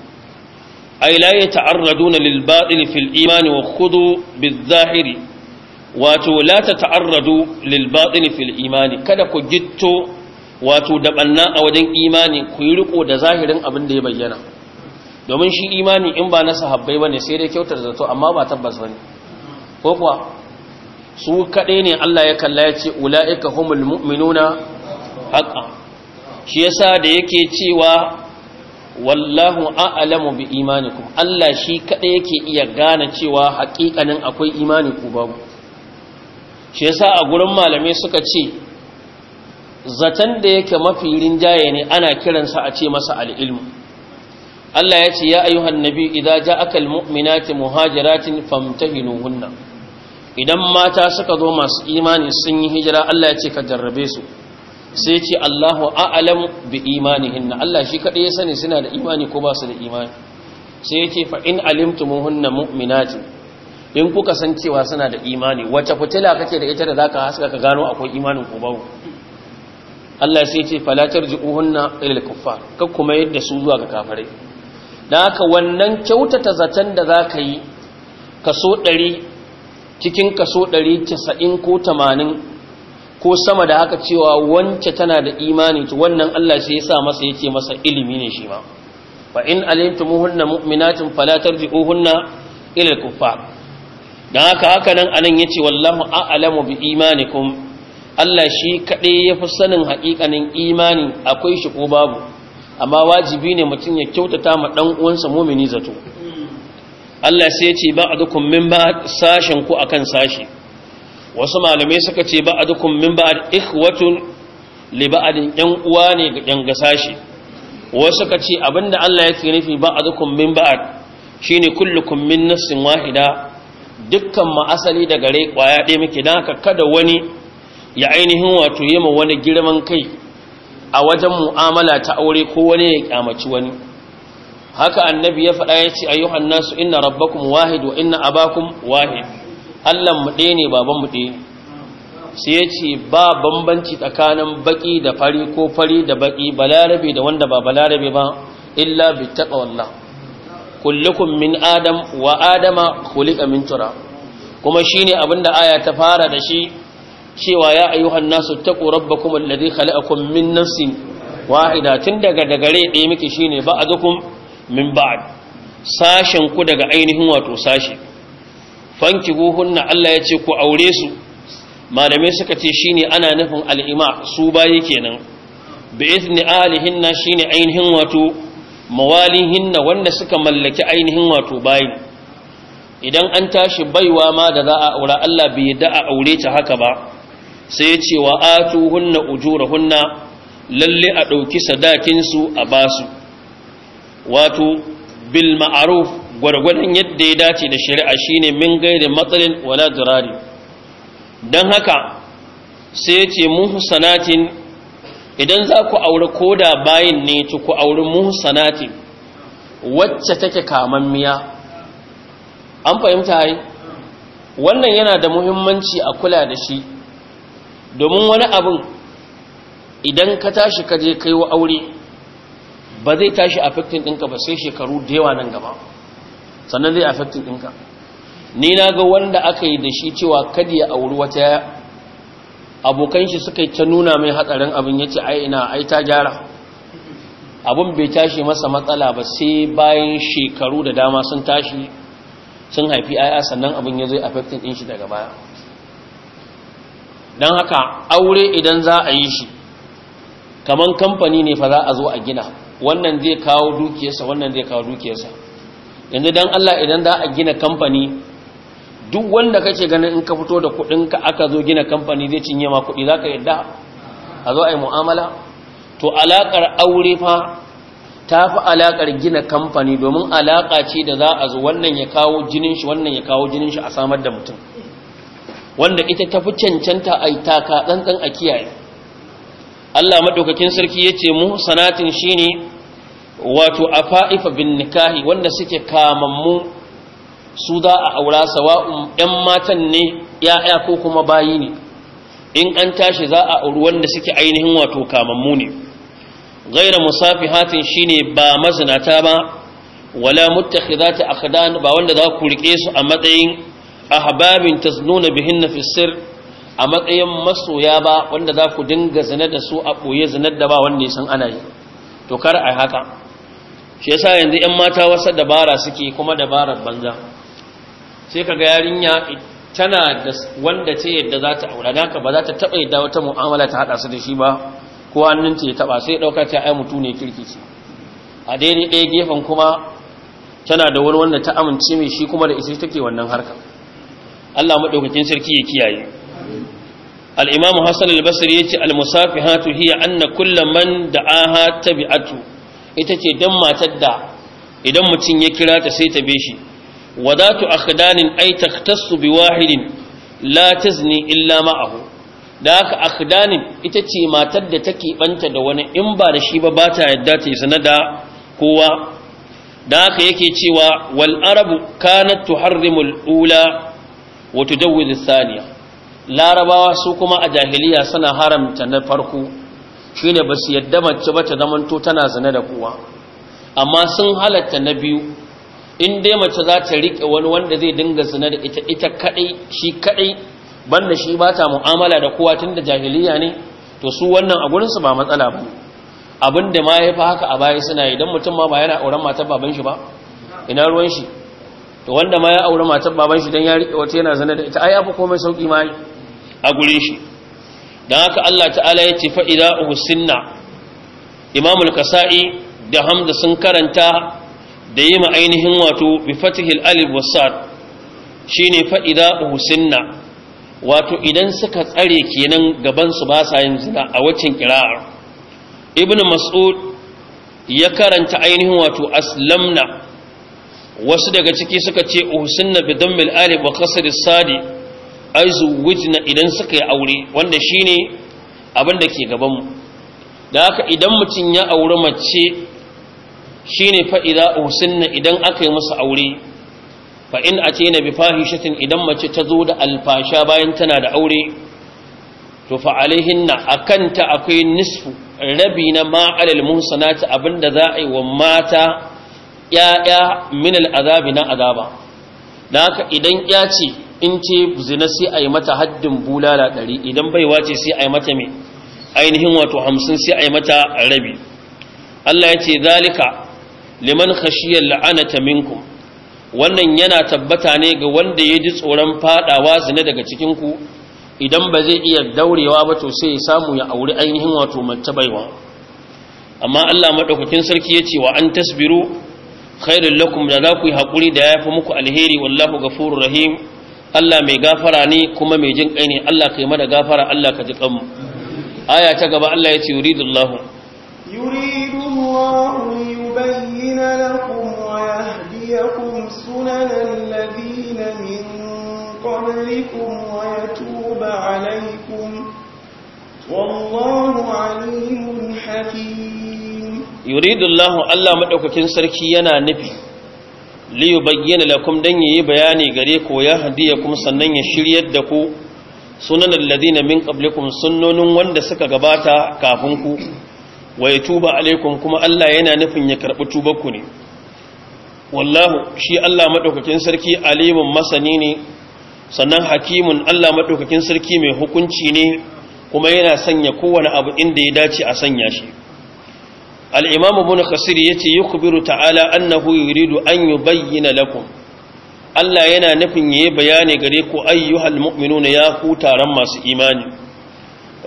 ay la yata'arraduna lil batil fil imani wa khudu biz zahiri wato la tata'arradu lil batil fil imani kada ku gitto wato da banna a wajen imani ku yi riko da zahirin abin da ya bayyana domin shi imani in ba na sahabbai ba ne sai dai kyautar zato amma ba tabbas bane ko kuwa su kaɗai ne Allah ya kalla ya ce ula'ika humul mu'minuna haƙa shi yasa da yake cewa wallahu a'lamu bi imanikum Allah shi kaɗai yake iya gane cewa haƙiƙanin akwai imani ku babu shi yasa a gurin malamai suka ce zaton da yake mafi rinjaye ne ana kiransa a ce masa al'ilmu Allah ya ce ya ayyuhan nabi idza ja'aka almu'minatu muhajiratin famtahinuhunna idan mata suka zo masu imani sun yi hijira Allah ya ce ka jarrabe su sai ce Allahu a'lam bi imanihinna Allah shi kadai ya sani suna da imani ko ba su da imani sai ya ce fa in alimtumuhunna mu'minatin in kuka san cewa suna da imani wace fitila kake da ita da zaka haska ka gano akwai imanin ko babu Allah sai ce falatar ji'uhunna al kuffar Ka kuma yadda su zuwa ga kafirai da haka wannan kyautata zaton da za ka yi kaso ɗari cikin kaso ɗari casa'in ko tamanin ko sama da haka cewa wance tana da imani to wannan Allah shi ya sa masa ya ce masa ilimi ne shi ma Ba in alimtumuhunna mu'minatin fala tarji'uhunna ila al Da haka haka nan anan yace wallahu a'lamu bi imanikum Allah shi kaɗai ya fi sanin haƙiƙanin imani akwai shi ko babu amma wajibi ne mutum ya kyautata ma dan uwansa mumini zato Allah sai ya ce ba'dukum min ba'd sashin ku akan sashi wasu malamai suka ce ba'dukum min ba'd ikhwatun li ba'din yan uwa ne ga yan gasashi wasu suka ce abinda Allah yake nufi ba'dukum min ba'd shine kullukum min nafsin wahida dukkan ma asali daga rai kwaya ɗaya muke dan haka kada wani ya ainihin wato yema wani girman kai a wajen mu'amala ta aure ko wani ya kyamaci wani haka annabi ya faɗa ya ce ayyuhan nasu inna rabbakum wahid wa inna abakum wahid Allah mu ɗaya ne baban mu ɗaya sai ya ce ba bambanci tsakanin baƙi da fari ko fari da baki balarabe da wanda ba balarabe ba illa bi taqwallah kullukum min adam wa adama khuliqa min tura, kuma shine abinda aya ta fara da shi cewa ya ayyuhan nasu taqu rabbakum alladhi khalaqakum min nafsin wahida tun daga dagare ɗaya maki shine ba'dukum min ba'd sashen ku daga ainihin wato sashi na Allah ya ce ku aure su malamai suka ce shine ana nufin al'ima su baye kenan bi izni shi shine ainihin wato na wanda suka mallaki ainihin wato bayi idan an tashi baiwa ma da za a aura Allah bai yadda a aure ta haka ba sai ya ce wa atu hunna ujura hunna lalle a ɗauki sadakinsu a basu wato bil ma'aruf gwargwadon yadda ya dace da shari'a shine min gairi matsalin wala dirari don haka sai ya ce muhsanatin idan za ku aure koda bayin ne to ku aure muhsanatin wacce take kamammiya an fahimta yi wannan yana da muhimmanci a kula da shi domin wani abin idan ka tashi ka je kai wa aure ba zai tashi affecting ɗinka ba sai shekaru da yawa nan gaba sannan zai affecting ɗinka ni na ga wanda aka yi da shi cewa kada ya auri wata abokan shi suka yi ta nuna mai hatsarin abin ya ce ai ina ai ta gyara abin bai tashi masa matsala ba sai bayan shekaru da dama sun tashi sun haifi aya sannan abin ya zai affecting ɗin shi daga baya don haka aure idan za a yi shi kaman kamfani ne fa za a zo a gina wannan zai kawo dukiyarsa wannan zai kawo dukiyarsa yanzu dan Allah idan za a gina kamfani duk wanda kake ganin in ka fito da ka aka zo gina kamfani zai cinye ma kuɗi zaka yadda a zo a yi mu'amala to alakar aure fa ta fi alakar gina kamfani domin alaka ce da za a zo wannan ya kawo jinin shi wannan ya kawo jinin shi a samar da mutum wanda ita ta fi cancanta a yi taka ɗanɗan a kiyaye Allah maɗaukakin sarki ya ce mu sanatin shi ne wato a fa'ifa bin nikahi wanda suke kamammu su za a aura sawa'un ‘yan matan ne ‘ya'ya ko kuma bayi ne in an tashi za a auri wanda suke ainihin wato kamammu ne gaira musafi hatin shi ne ba mazinata ba wala mutakhidati akhdan ba wanda za ku rike su a matsayin ahbabin tazununa bihinna fi sir a matsayin masoya ba wanda za ku dinga zina da su a ɓoye zina da ba wanda ya san ana yi to kar a haka shi yasa yanzu 'yan mata wasa dabara suke kuma dabarar banza sai ka yarinya tana da wanda ce yadda za ta aura haka ba za ta taɓa yadda wata mu'amala ta haɗa su da shi ba ko hannunta ya taɓa sai ɗauka ta ai mutu ne kirki ce a daidai ɗaya gefen kuma tana da wani wanda ta amince mai shi kuma da isi take wannan harkar Allah madaukakin sarki ya kiyaye al-imamu hasan al-basri yace al-musafihatu hiya anna kulla man da'aha bi'atu. ita ce dan matar da idan mutum ya kira ta sai ta be shi wadatu akhdanin ai takhtassu bi wahidin la tazni illa ma'ahu da haka akhdanin ita ce matar da take banta da wani in ba da shi ba ba ta yadda ta yi da kowa da haka yake cewa wal arabu kanat tuharrimul ula wa tudawwid saniya larabawa su kuma a jahiliya suna haramta na farko shine ba su yadda mace ba ta zamanto tana zina da kowa amma sun halatta na biyu in dai mace za ta rike wani wanda zai dinga zina da ita ita kadai shi kadai banda shi ba ta mu'amala da kowa tun da jahiliya ne to su wannan a gurinsu ba matsala ba abin da ma ya fi haka a baya suna idan mutum ma ba yana auren matar baban shi ba ina ruwan shi to wanda ma ya aure matar baban shi dan ya rike wata yana zana da ita ai abu komai sauki ma a gurin shi dan haka Allah ta'ala ya ce fa idza usinna Imam al-Kasa'i da Hamda sun karanta da yima ainihin wato bi fatihil alif wasad shine fa idza usinna wato idan suka tsare kenan gaban su ba sa yin zina a wacin kira'ar ibnu Mas'ud ya karanta ainihin wato aslamna wasu daga ciki suka ce uhsunna bi dammil alif wa sadi ay zuwijna idan suka yi aure wanda shine abin da ke gaban mu da haka idan mutun ya aure mace shine fa idza uhsunna idan aka yi musu aure fa in na bi fahishatin idan mace ta zo da alfasha bayan tana da aure to fa alaihinna akanta akwai nisfu rabi na ma alal muhsanati abinda za a yi wa mata 'ya'ya min azabi na azaba da haka idan ya ce in ce zina sai a mata haddin bulala ɗari idan baiwa ce sai a mata mai ainihin wato hamsin sai a mata rabi Allah ya ce zalika liman khashiyar la'anata minkum wannan yana tabbata ne ga wanda ya ji tsoron fadawa zina daga cikinku idan ba zai iya daurewa ba to sai ya samu ya auri ainihin wato mace baiwa amma Allah madaukakin sarki ya ce wa an tasbiru خير لكم من ذاك يحقولي دعاء فمك الهيري والله غفور رحيم الله مغفراني كما ميجن أيني الله كما غفر الله كتقم آية تقبى الله يريد الله يريد الله ليبين لكم ويهديكم سنن الذين من قبلكم ويتوب عليكم والله عليم حكيم yuridullahu Allah madaukakin sarki yana nufi li yubayyana lakum dan yayi bayani gare ku ya hadiya kuma sannan ya shiryar da ku sunan alladhina min qablikum sunnonin wanda suka gabata kafin ku wa yatuba alaikum kuma Allah yana nufin ya karbi tubar ku ne wallahu shi Allah madaukakin sarki alimun masani ne sannan hakimun Allah madaukakin sarki mai hukunci ne kuma yana sanya kowane abu inda ya dace a sanya shi al'imamu bin khasir ya ce yi ta'ala annahu yuridu an yi bayyana lakun. Allah yana nufin ya yi bayani gare ku ayyuhal mu'minu na ya ku taron masu imani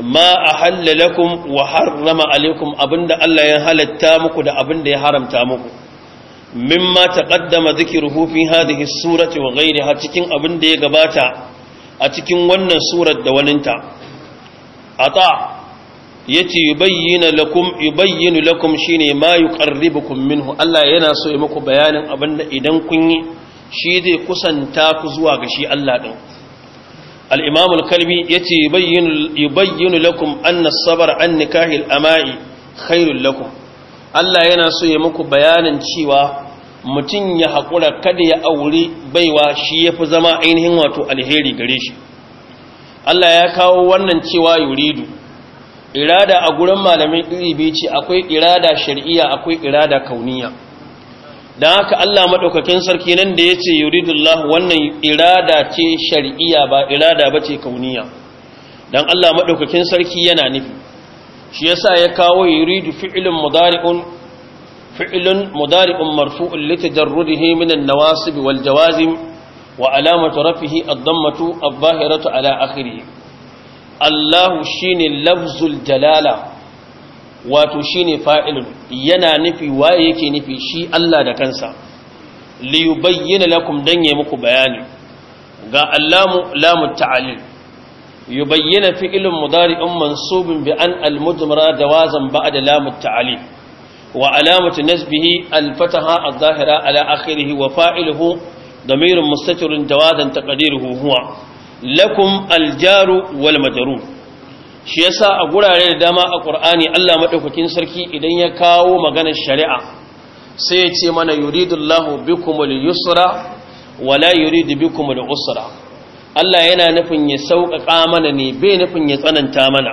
ma a hallalakum wa harrama alaikum abinda Allah ya halatta muku da abinda ya haramta muku mimma taqaddama dhikruhu fi hadhihi surati wa ghayriha cikin abinda ya gabata a cikin wannan surar da waninta ata yace yubayyinu lakum yubayyinu lakum shine ma yuqarribukum minhu Allah yana so ya muku bayanin abinda idan kun yi shi zai kusanta ku zuwa ga shi Allah din al-imam al-kalbi yace yubayyinu yubayyinu lakum anna as-sabr an nikahi al-ama'i khairul lakum Allah yana so ya muku bayanin cewa mutum ya haƙura kada ya aure baiwa shi ya fi zama ainihin wato alheri gare shi Allah ya kawo wannan cewa yuridu irada a gurin malamin iri biyu ce akwai irada shari'iyya akwai irada kauniya don haka Allah maɗaukakin sarki nan da ya ce yuridullah wannan irada ce shari'iyya ba irada ba ce kauniya don Allah maɗaukakin sarki yana nufi shi yasa ya kawo yuridu fi'ilun mudari'un fi'ilun mudari'un marfu'un litajarrudihi min an-nawasib wal wa alamatu rafihi ad matu Abba heratu ala akhiri. Allahu shine lafzul jalala wato shine fa'ilun yana nufi waye yake nufi shi Allah da kansa li yubayyana lakum dan yayi muku bayani ga allamu lamu ta'alil yubayyana fi'ilun mudari'un mansubun bi an al dawazan ba'da lamu ta'alil wa alamatu nasbihi alfataha fataha adh-dhahira ala akhirih wa fa'iluhu damirun mustatirun dawazan taqdiruhu huwa lakum aljaru wal majrur shi yasa a gurare da dama a Qur'ani Allah madaukakin sarki idan ya kawo maganar shari'a sai ya ce mana yuridullahu bikumul yusra wala yuridu bikumul usra Allah yana nufin ya sauƙaƙa mana ne bai nufin ya tsananta mana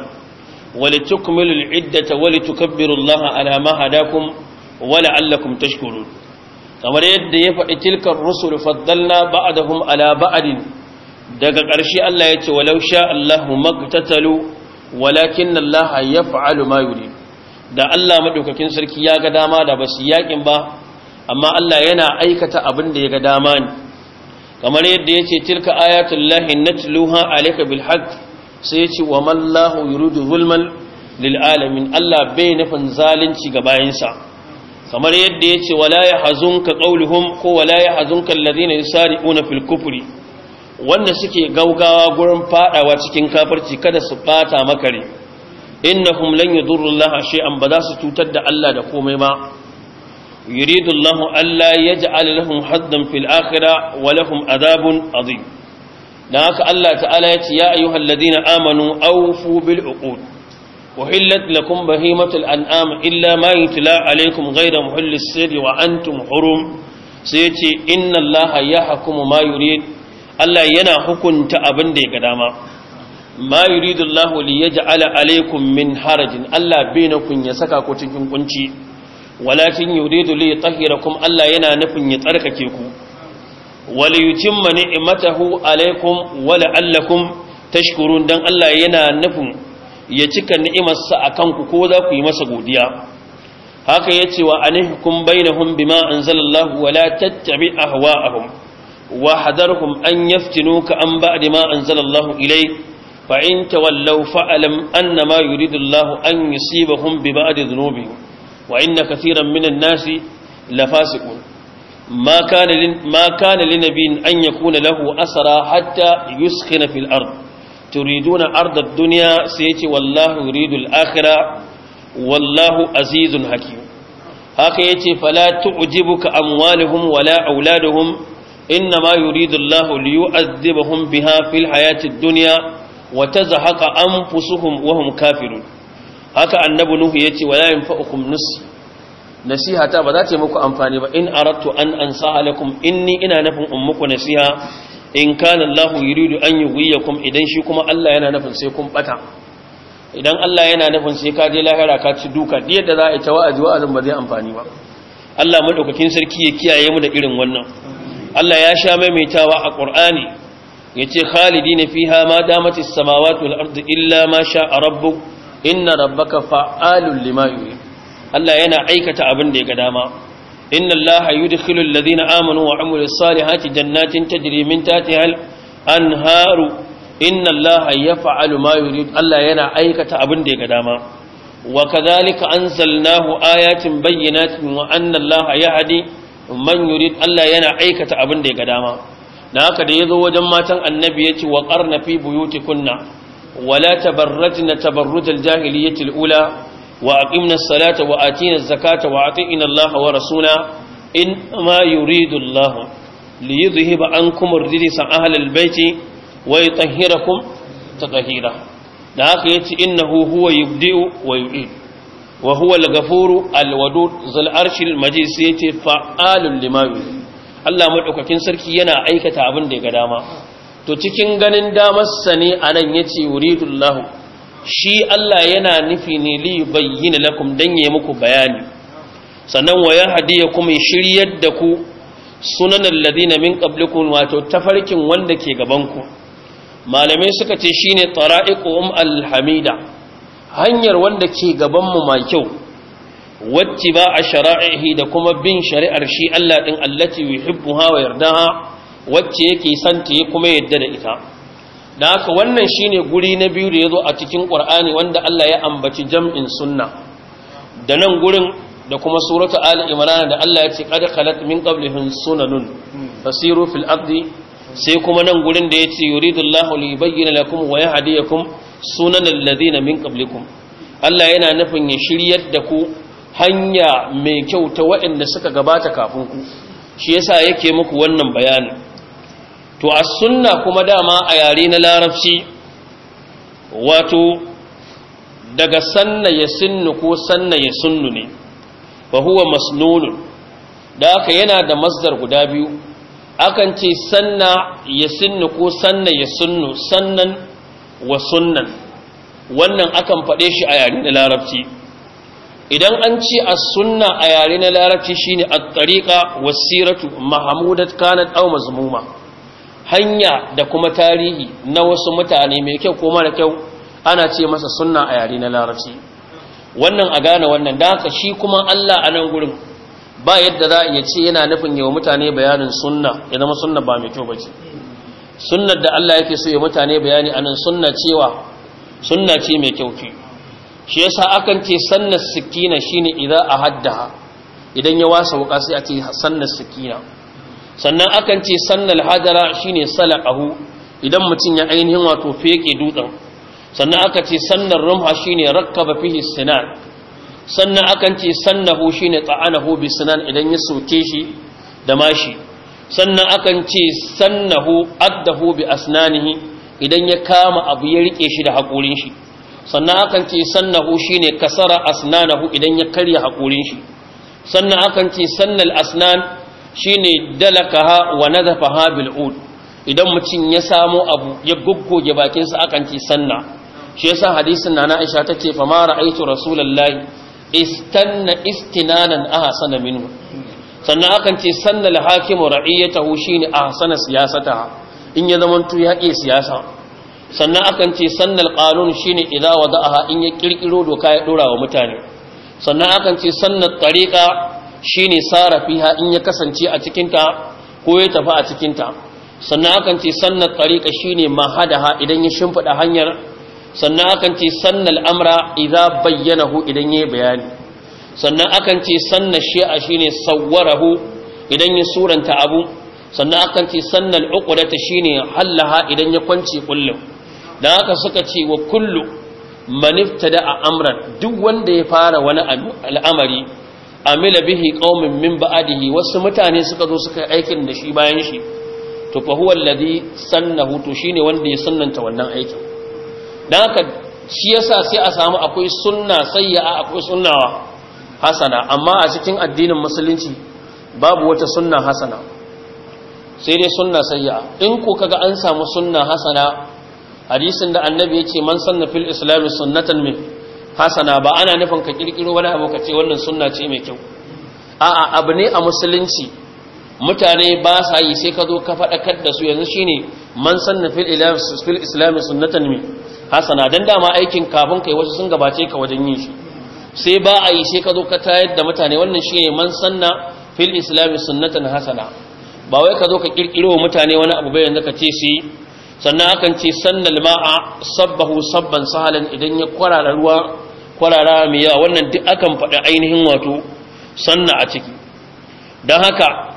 walitukmilu al'iddata walitukabbirullaha ala ma hadakum wala allakum tashkurun kamar yadda ya faɗi tilkar rusul faddalna ba'dahum ala ba'din daga ƙarshe Allah ya ce walau sha Allahu maqtatalu walakin Allah yaf'alu ma yurid da Allah madaukakin sarki ya ga dama da basu yakin ba amma Allah yana aikata abin da ya ga dama ne kamar yadda ya ce tilka ayatul lahi natluha alayka bil haqq sai ya ce wa mallahu yuridu zulman lil alamin Allah bai nufin zalunci ga bayansa kamar yadda ya ce wala ya hazunka ƙauluhum ko wala ya hazunka alladhina yusari'una fil kufri wanda suke gaugawa gurin fadawa cikin kafirci kada su bata makare innahum lan yadurru Allah shay'an ba za su tutar da Allah da komai ba yuridullahu Allah alla yaj'al lahum haddan fil akhirah wa lahum adabun adhim dan haka Allah ta'ala ya ce ya amanu awfu bil uqud lakum لكم بهيمة الأنعام إلا ما يتلى عليكم غير hurum. السر وأنتم حرم سيتي إن الله يحكم ما يريد Allah yana hukunta abin da ya ga dama ma yuridu Allah li yaj'ala alaykum min harajin Allah bainakum ya saka ku cikin kunci walakin yuridu li yutahhirakum Allah yana nufin ya tsarkake ku wal yutimma ni'matahu alaykum wa la'allakum tashkurun dan Allah yana nufin ya cika ni'imarsa akan ku ko za ku yi masa godiya haka yace wa anihkum bainahum bima anzalallahu wa la tattabi ahwa'ahum وحذرهم أن يفتنوك عن بعد ما أنزل الله إليك فإن تولوا فألم أن ما يريد الله أن يصيبهم ببعد ذنوبهم وإن كثيرا من الناس لفاسقون ما كان ما كان لنبي أن يكون له أسرى حتى يسخن في الأرض تريدون أرض الدنيا سيأتي والله يريد الآخرة والله عزيز حكيم هكذا فلا تعجبك أموالهم ولا أولادهم inna ma yuridu Allahu liyu'adhibahum biha fil hayatid dunya wa tazhaqa anfusuhum wa hum kafirun haka annabi nuhu yace wala yanfa'ukum nusi nasihata ba za ta yi muku amfani ba in aradtu an ansaha lakum inni ina nafin ummuku nasiha in kana Allahu yuridu an yughyikum idan shi kuma Allah yana nafin sai kun bata idan Allah yana nafin sai ka je lahira ka ci duka da za a ita ta wa'azi wa'azin ba zai amfani ba Allah madaukakin sarki ya kiyaye mu da irin wannan Allah ya sha maimaitawa a Qur'ani yace khalidina fiha ma damati as-samawati wal illa ma sha'a rabbu. inna rabbaka fa'alul lima Allah yana aikata abin da ya ga dama inna Allaha yudkhilu alladhina amanu wa 'amilus salihati jannatin ta min tahtiha an haru. inna ya yaf'alu ma yurid Allah yana aikata abin da ya ga dama wa kadhalika anzalnahu ayatin bayyinatin wa Allah ya hadi? man yurid Allah yana aikata abin da ya ga dama na haka da yazo wajen matan annabi ya ce wa ƙarna fi buyuti kunna wala tabarrajna tabarrujal jahiliyyati ula wa aqimna salata wa atina zakata wa atina Allah wa rasula in ma yuridu Allah li yudhhiba ankum ar-rijsa ahla al-bayti wa yutahhirakum tatahira da haka yace innahu huwa yubdi'u wa yu'id wa huwa al-ghafuru al-wadud zal arshil majid sai yace fa'alun limami Allah madaukakin sarki yana aikata abin da ya ga dama to cikin ganin damar sa ne anan yace yuridullahu shi Allah yana nufi ne li bayyana lakum dan yayi muku bayani sannan kuma ya shiryar da ku sunanan ladina min qablikum wato tafarkin wanda ke gaban ku malamai suka ce shine tara'iqum al-hamida hanyar wanda ke gabanmu ma kyau wacce ba a shara'ihi da kuma bin shari'ar shi Allah ɗin allati yuhibbuha wa yardaha wacce yake santa ya kuma yadda da ita da haka wannan shine guri na biyu da yazo a cikin Qur'ani wanda Allah ya ambaci jam'in sunna da nan gurin da kuma suratu ali imran da Allah ya ce qad khalat min qablihim sunanun fasiru fil ardi sai kuma nan gurin da yace yuridullahu li yubayyana lakum wa yahdiyakum sunan alladhina min qablikum Allah yana nufin ya shiryar da ku hanya mai kyau ta waɗanda suka gabata kafin ku shi yasa yake muku wannan bayanin to a sunna kuma dama a yare na larabci wato daga sanna ya sunnu ko sanna ya sunnu ne wa huwa masnunun da aka yana da masdar guda biyu akan ce sanna ya sunnu ko sanna ya sunnu sannan wa sunnan wannan akan faɗe shi a yare na larabci idan an ci a sunna a yare na larabci shine at-tariqa wasiratu wasiratu mahmudat kanat aw mazmuma hanya da kuma tarihi na wasu mutane mai kyau ko mara kyau ana ce masa sunna a yare na larabci wannan a gane wannan da haka shi kuma Allah a nan gurin ba yadda za a iya ce yana nufin yawa mutane bayanin sunna ya zama sunna ba mai kyau ba ce sunnar da Allah yake so ya mutane bayani anan sunna cewa sunna ce mai kyauki shi yasa akan ce sannas sikina shine idza ahaddaha idan ya wasa wuka sai a ce sannas sikina sannan akan ce sannal hadara shine salaqahu idan mutun ya ainihin wato feke dutsen sannan aka ce sannar rumha shine rakkaba fihi sinan sannan akan ce sannahu shine ta'anahu bisinan idan ya soke shi da mashi sannan akan ce sannahu addahu bi asnanihi idan ya kama abu ya rike shi da haƙurin shi sannan akan ce sannahu shine kasara asnanahu idan ya karya haƙurin shi sannan akan ce sannal asnan shine dalakaha wa nadhafaha bil ud idan mutum ya samu abu ya guggoge bakin sa akan ce sanna shi yasa hadisin nana Aisha take fa ma ra'aytu rasulullahi istanna istinanan ahsana minhu sannan akan ce sannan alhakimu ra'iyatahu shine ahsana siyasataha in ya zamanto ya ke siyasa sannan akan ce sannan alqanun shine idza wada'aha in ya kirkiro doka ya dora wa mutane sannan akan ce sannan tariqa shine sarafiha in ya kasance a cikin ta ko ya tafi a cikin ta sannan akan ce sannan tariqa shine mahadaha idan ya shimfida hanyar sannan akan ce sannan al'amra idza bayyanahu idan yayi bayani sannan akan ce shi shi'a shine sawwarahu idan ya suranta abu sannan akan ce sannan sanna shi ne hallaha idan ya kwance kullum Da aka suka ce wa kullum manifta da a amran duk wanda ya fara wani al'amari amila bihi ƙaumin min ba’adihi wasu mutane suka zo suka aikin da shi bayan shi to fa huwa sannan hutu shi ne wanda ya ta wannan aikin Da haka shi yasa sai a samu akwai sunna sayya akwai sunnawa hasana amma a cikin addinin musulunci babu wata sunna hasana sai dai sunna sayya in ko kaga an samu sunna hasana hadisin da annabi yace man sanna fil islam sunnatan min hasana ba ana nufin ka kirkiro wani abu ka ce wannan sunna ce mai kyau a'a abu ne a musulunci mutane ba sa yi sai ka zo ka faɗakar da su yanzu shine man sanna fil islam sunnatan min hasana dan dama aikin kafin kai wasu sun gabace ka wajen yin shi sai ba a yi sai ka zo ka tayar da mutane wannan shine man sanna fil islami sunnatan hasana ba wai ka zo ka kirkiro mutane wani abu bai yanzu ka ce su sannan akan ce sannal ma'a sabbahu sabban sahalan idan ya kwarara ruwa kwarara mai yawa wannan duk akan faɗi ainihin wato sanna a ciki don haka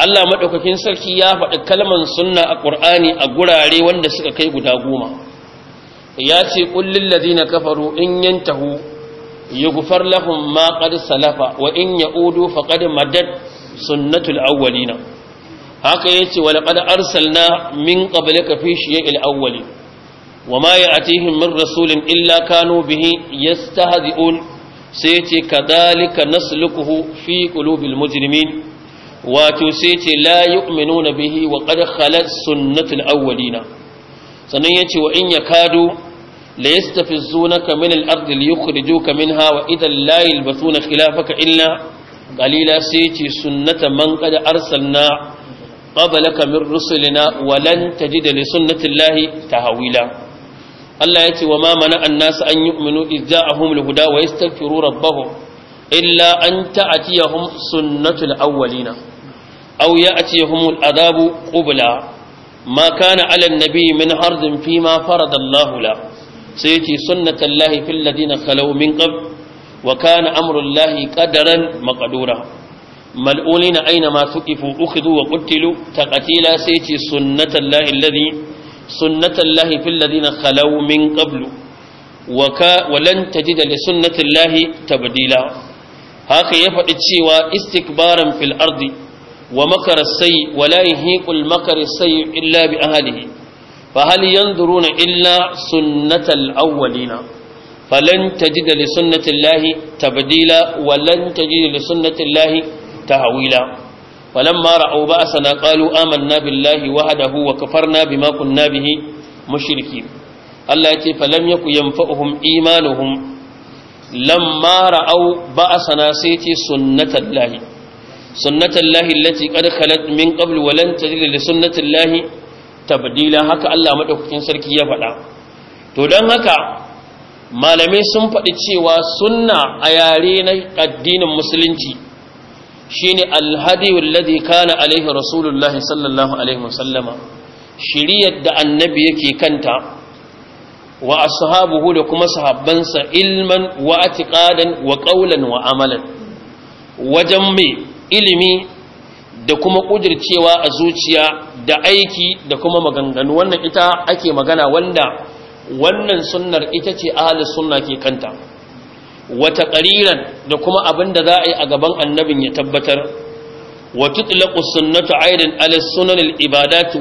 Allah maɗaukakin sarki ya faɗi kalman sunna a ƙur'ani a gurare wanda suka kai guda goma ya ce ƙullin ladina kafaru in yantahu yughfar lahum ma qad salafa wa in ya'udu faqad madad sunnatul awwalina haka yace wa laqad arsalna min qablika fi shiya'il awwali wa ma ya'tihim min rasulin illa kanu bihi yastahzi'un sai yace kadhalika nasluquhu fi qulubil mujrimin wato sai ce la yu'minuna bihi wa qad khalat sunnatul awwalina sannan yace wa in yakadu la yastafizunaka min al-ard liyukhrijuka minha wa idan la yalbasuna khilafaka illa qalila sai ce sunnata man qad arsalna qablaka min rusulina wa lan tajida li sunnati llahi tahwila Allah ya ce wa ma mana annas an yu'minu idza'ahum al-huda wa yastaghfiru rabbahum illa an ta'tiyahum sunnatul awwalina aw ya'tiyahum al-adabu qubla ما كان على النبي من عرض فيما فرض الله له sai sunnatan lahi fil ladina khalaw min qabl wa kana amrullahi qadaran maqdura mal'unina aina ma suqifu ukhidhu wa qutilu taqatila sai yace sunnatullahi alladhi sunnatullahi fil ladina khalaw min qablu waka walan tajida li sunnatullahi tabdila haka ya faɗi cewa istikbaran fil ardi wa makar sai wa la yahiqul makar sai illa bi ahlihi فهل ينظرون إلا سنة الأولين فلن تجد لسنة الله تبديلا ولن تجد لسنة الله تهويلا ولما رأوا بأسنا قالوا آمنا بالله وحده وكفرنا بما كنا به مشركين الله يتي فلم يكن ينفعهم إيمانهم لما رأوا بأسنا سيتي سنة الله سنة الله التي قد خلت من قبل ولن تجد لسنة الله tabdila haka Allah maɗaukakin sarki ya faɗa to don haka malamai sun faɗi cewa sunna a yare na addinin musulunci shine alhadi Ladi kana alaihi rasulullahi sallallahu alaihi wasallama shiriyar da annabi yake kanta wa ashabuhu da kuma sahabbansa ilman wa atiqadan wa qawlan wa amalan wajen mai ilimi da kuma kudircewa a zuciya da aiki da kuma maganganu wannan ita ake magana wanda wannan sunnar ita ce ahalus sunna ke kanta wata qariran da kuma abin da za a yi a gaban annabin ya tabbatar wa tutlaqu sunnatu aidan ala sunan al ibadat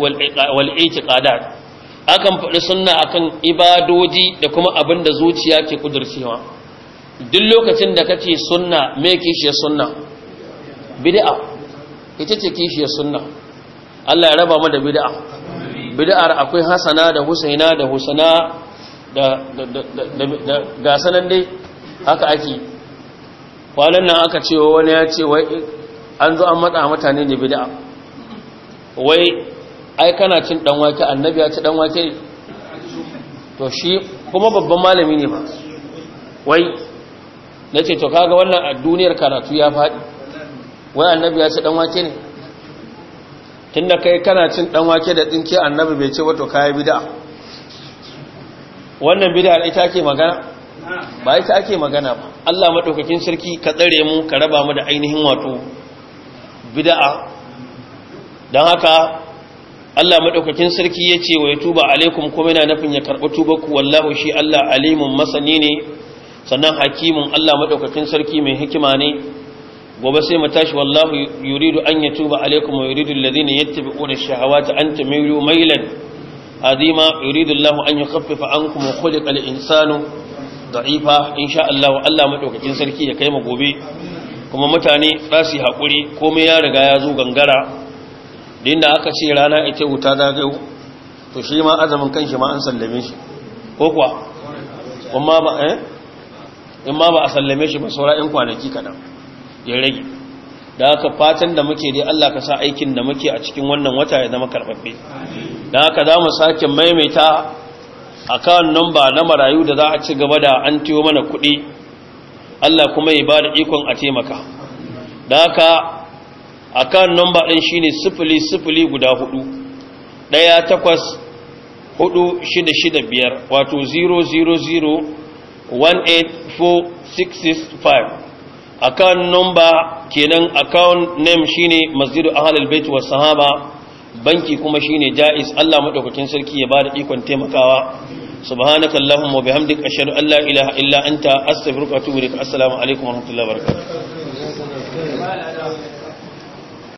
wal i'tiqadat akan faɗi sunna akan ibadoji da kuma abin da zuciya ke kudircewa duk lokacin da kace sunna me kishiyar sunna bid'a ita ce kishiyar sunna Allah ya raba mu da bid'a bid'ar akwai hasana da husaina da husana da da da ga sanan dai haka ake kwanan nan aka cewa wani ya ce wai an zo an matsa mutane da bid'a wai ai kana cin dan wake annabi ya ci dan wake to shi kuma babban malami ne ba wai nace to kaga wannan a duniyar karatu ya faɗi wai annabi ya ce dan wake ne tunda kai kana cin dan wake da dinki annabi bai ce wato kai bid'a wannan bid'a ita ake magana ba ita ake magana ba Allah madaukakin sarki ka tsare mu ka raba mu da ainihin wato bid'a dan haka Allah madaukakin sarki yace wa yatuba alaikum kuma yana nufin ya karbi tubaku wallahi shi Allah alimun masani ne sannan hakimun Allah madaukakin sarki mai hikima ne gobe sai mu tashi wallahu yuridu an yatuba alaikum wa yuridu alladhina yattabi'una ash-shahawati an tamilu maylan azima yuridu Allahu an yukhaffifa ankum khuliqa al-insanu da'ifa insha Allah Allah madaukakin sarki ya kai mu gobe kuma mutane za su yi hakuri komai ya riga ya zo gangara din da aka ce rana ita wuta da gau to shi ma azamin kanshi ma an sallame shi ko kuwa eh? in ma ba a sallame shi ba saura 'yan kwanaki kaɗan ya rage da haka fatan da muke dai Allah ka sa aikin da muke a cikin wannan wata ya zama karbabbe da haka za mu sake maimaita akan namba na marayu da za a ci gaba da an tiyo mana kuɗi Allah kuma ya ba da ikon a taimaka da haka akan namba ɗin shine sifili sifili guda hudu ɗaya takwas hudu shida shida biyar wato 000 account nomba kenan account name shine masjidu ahlul bait was sahaba banki kuma shine jaiz Allah madaukakin sarki ya bada ikon taimakawa subhanaka allahumma wa bihamdika ashhadu an la ilaha illa anta astaghfiruka wa atubu ilaik assalamu alaikum wa rahmatullahi wa barakatuh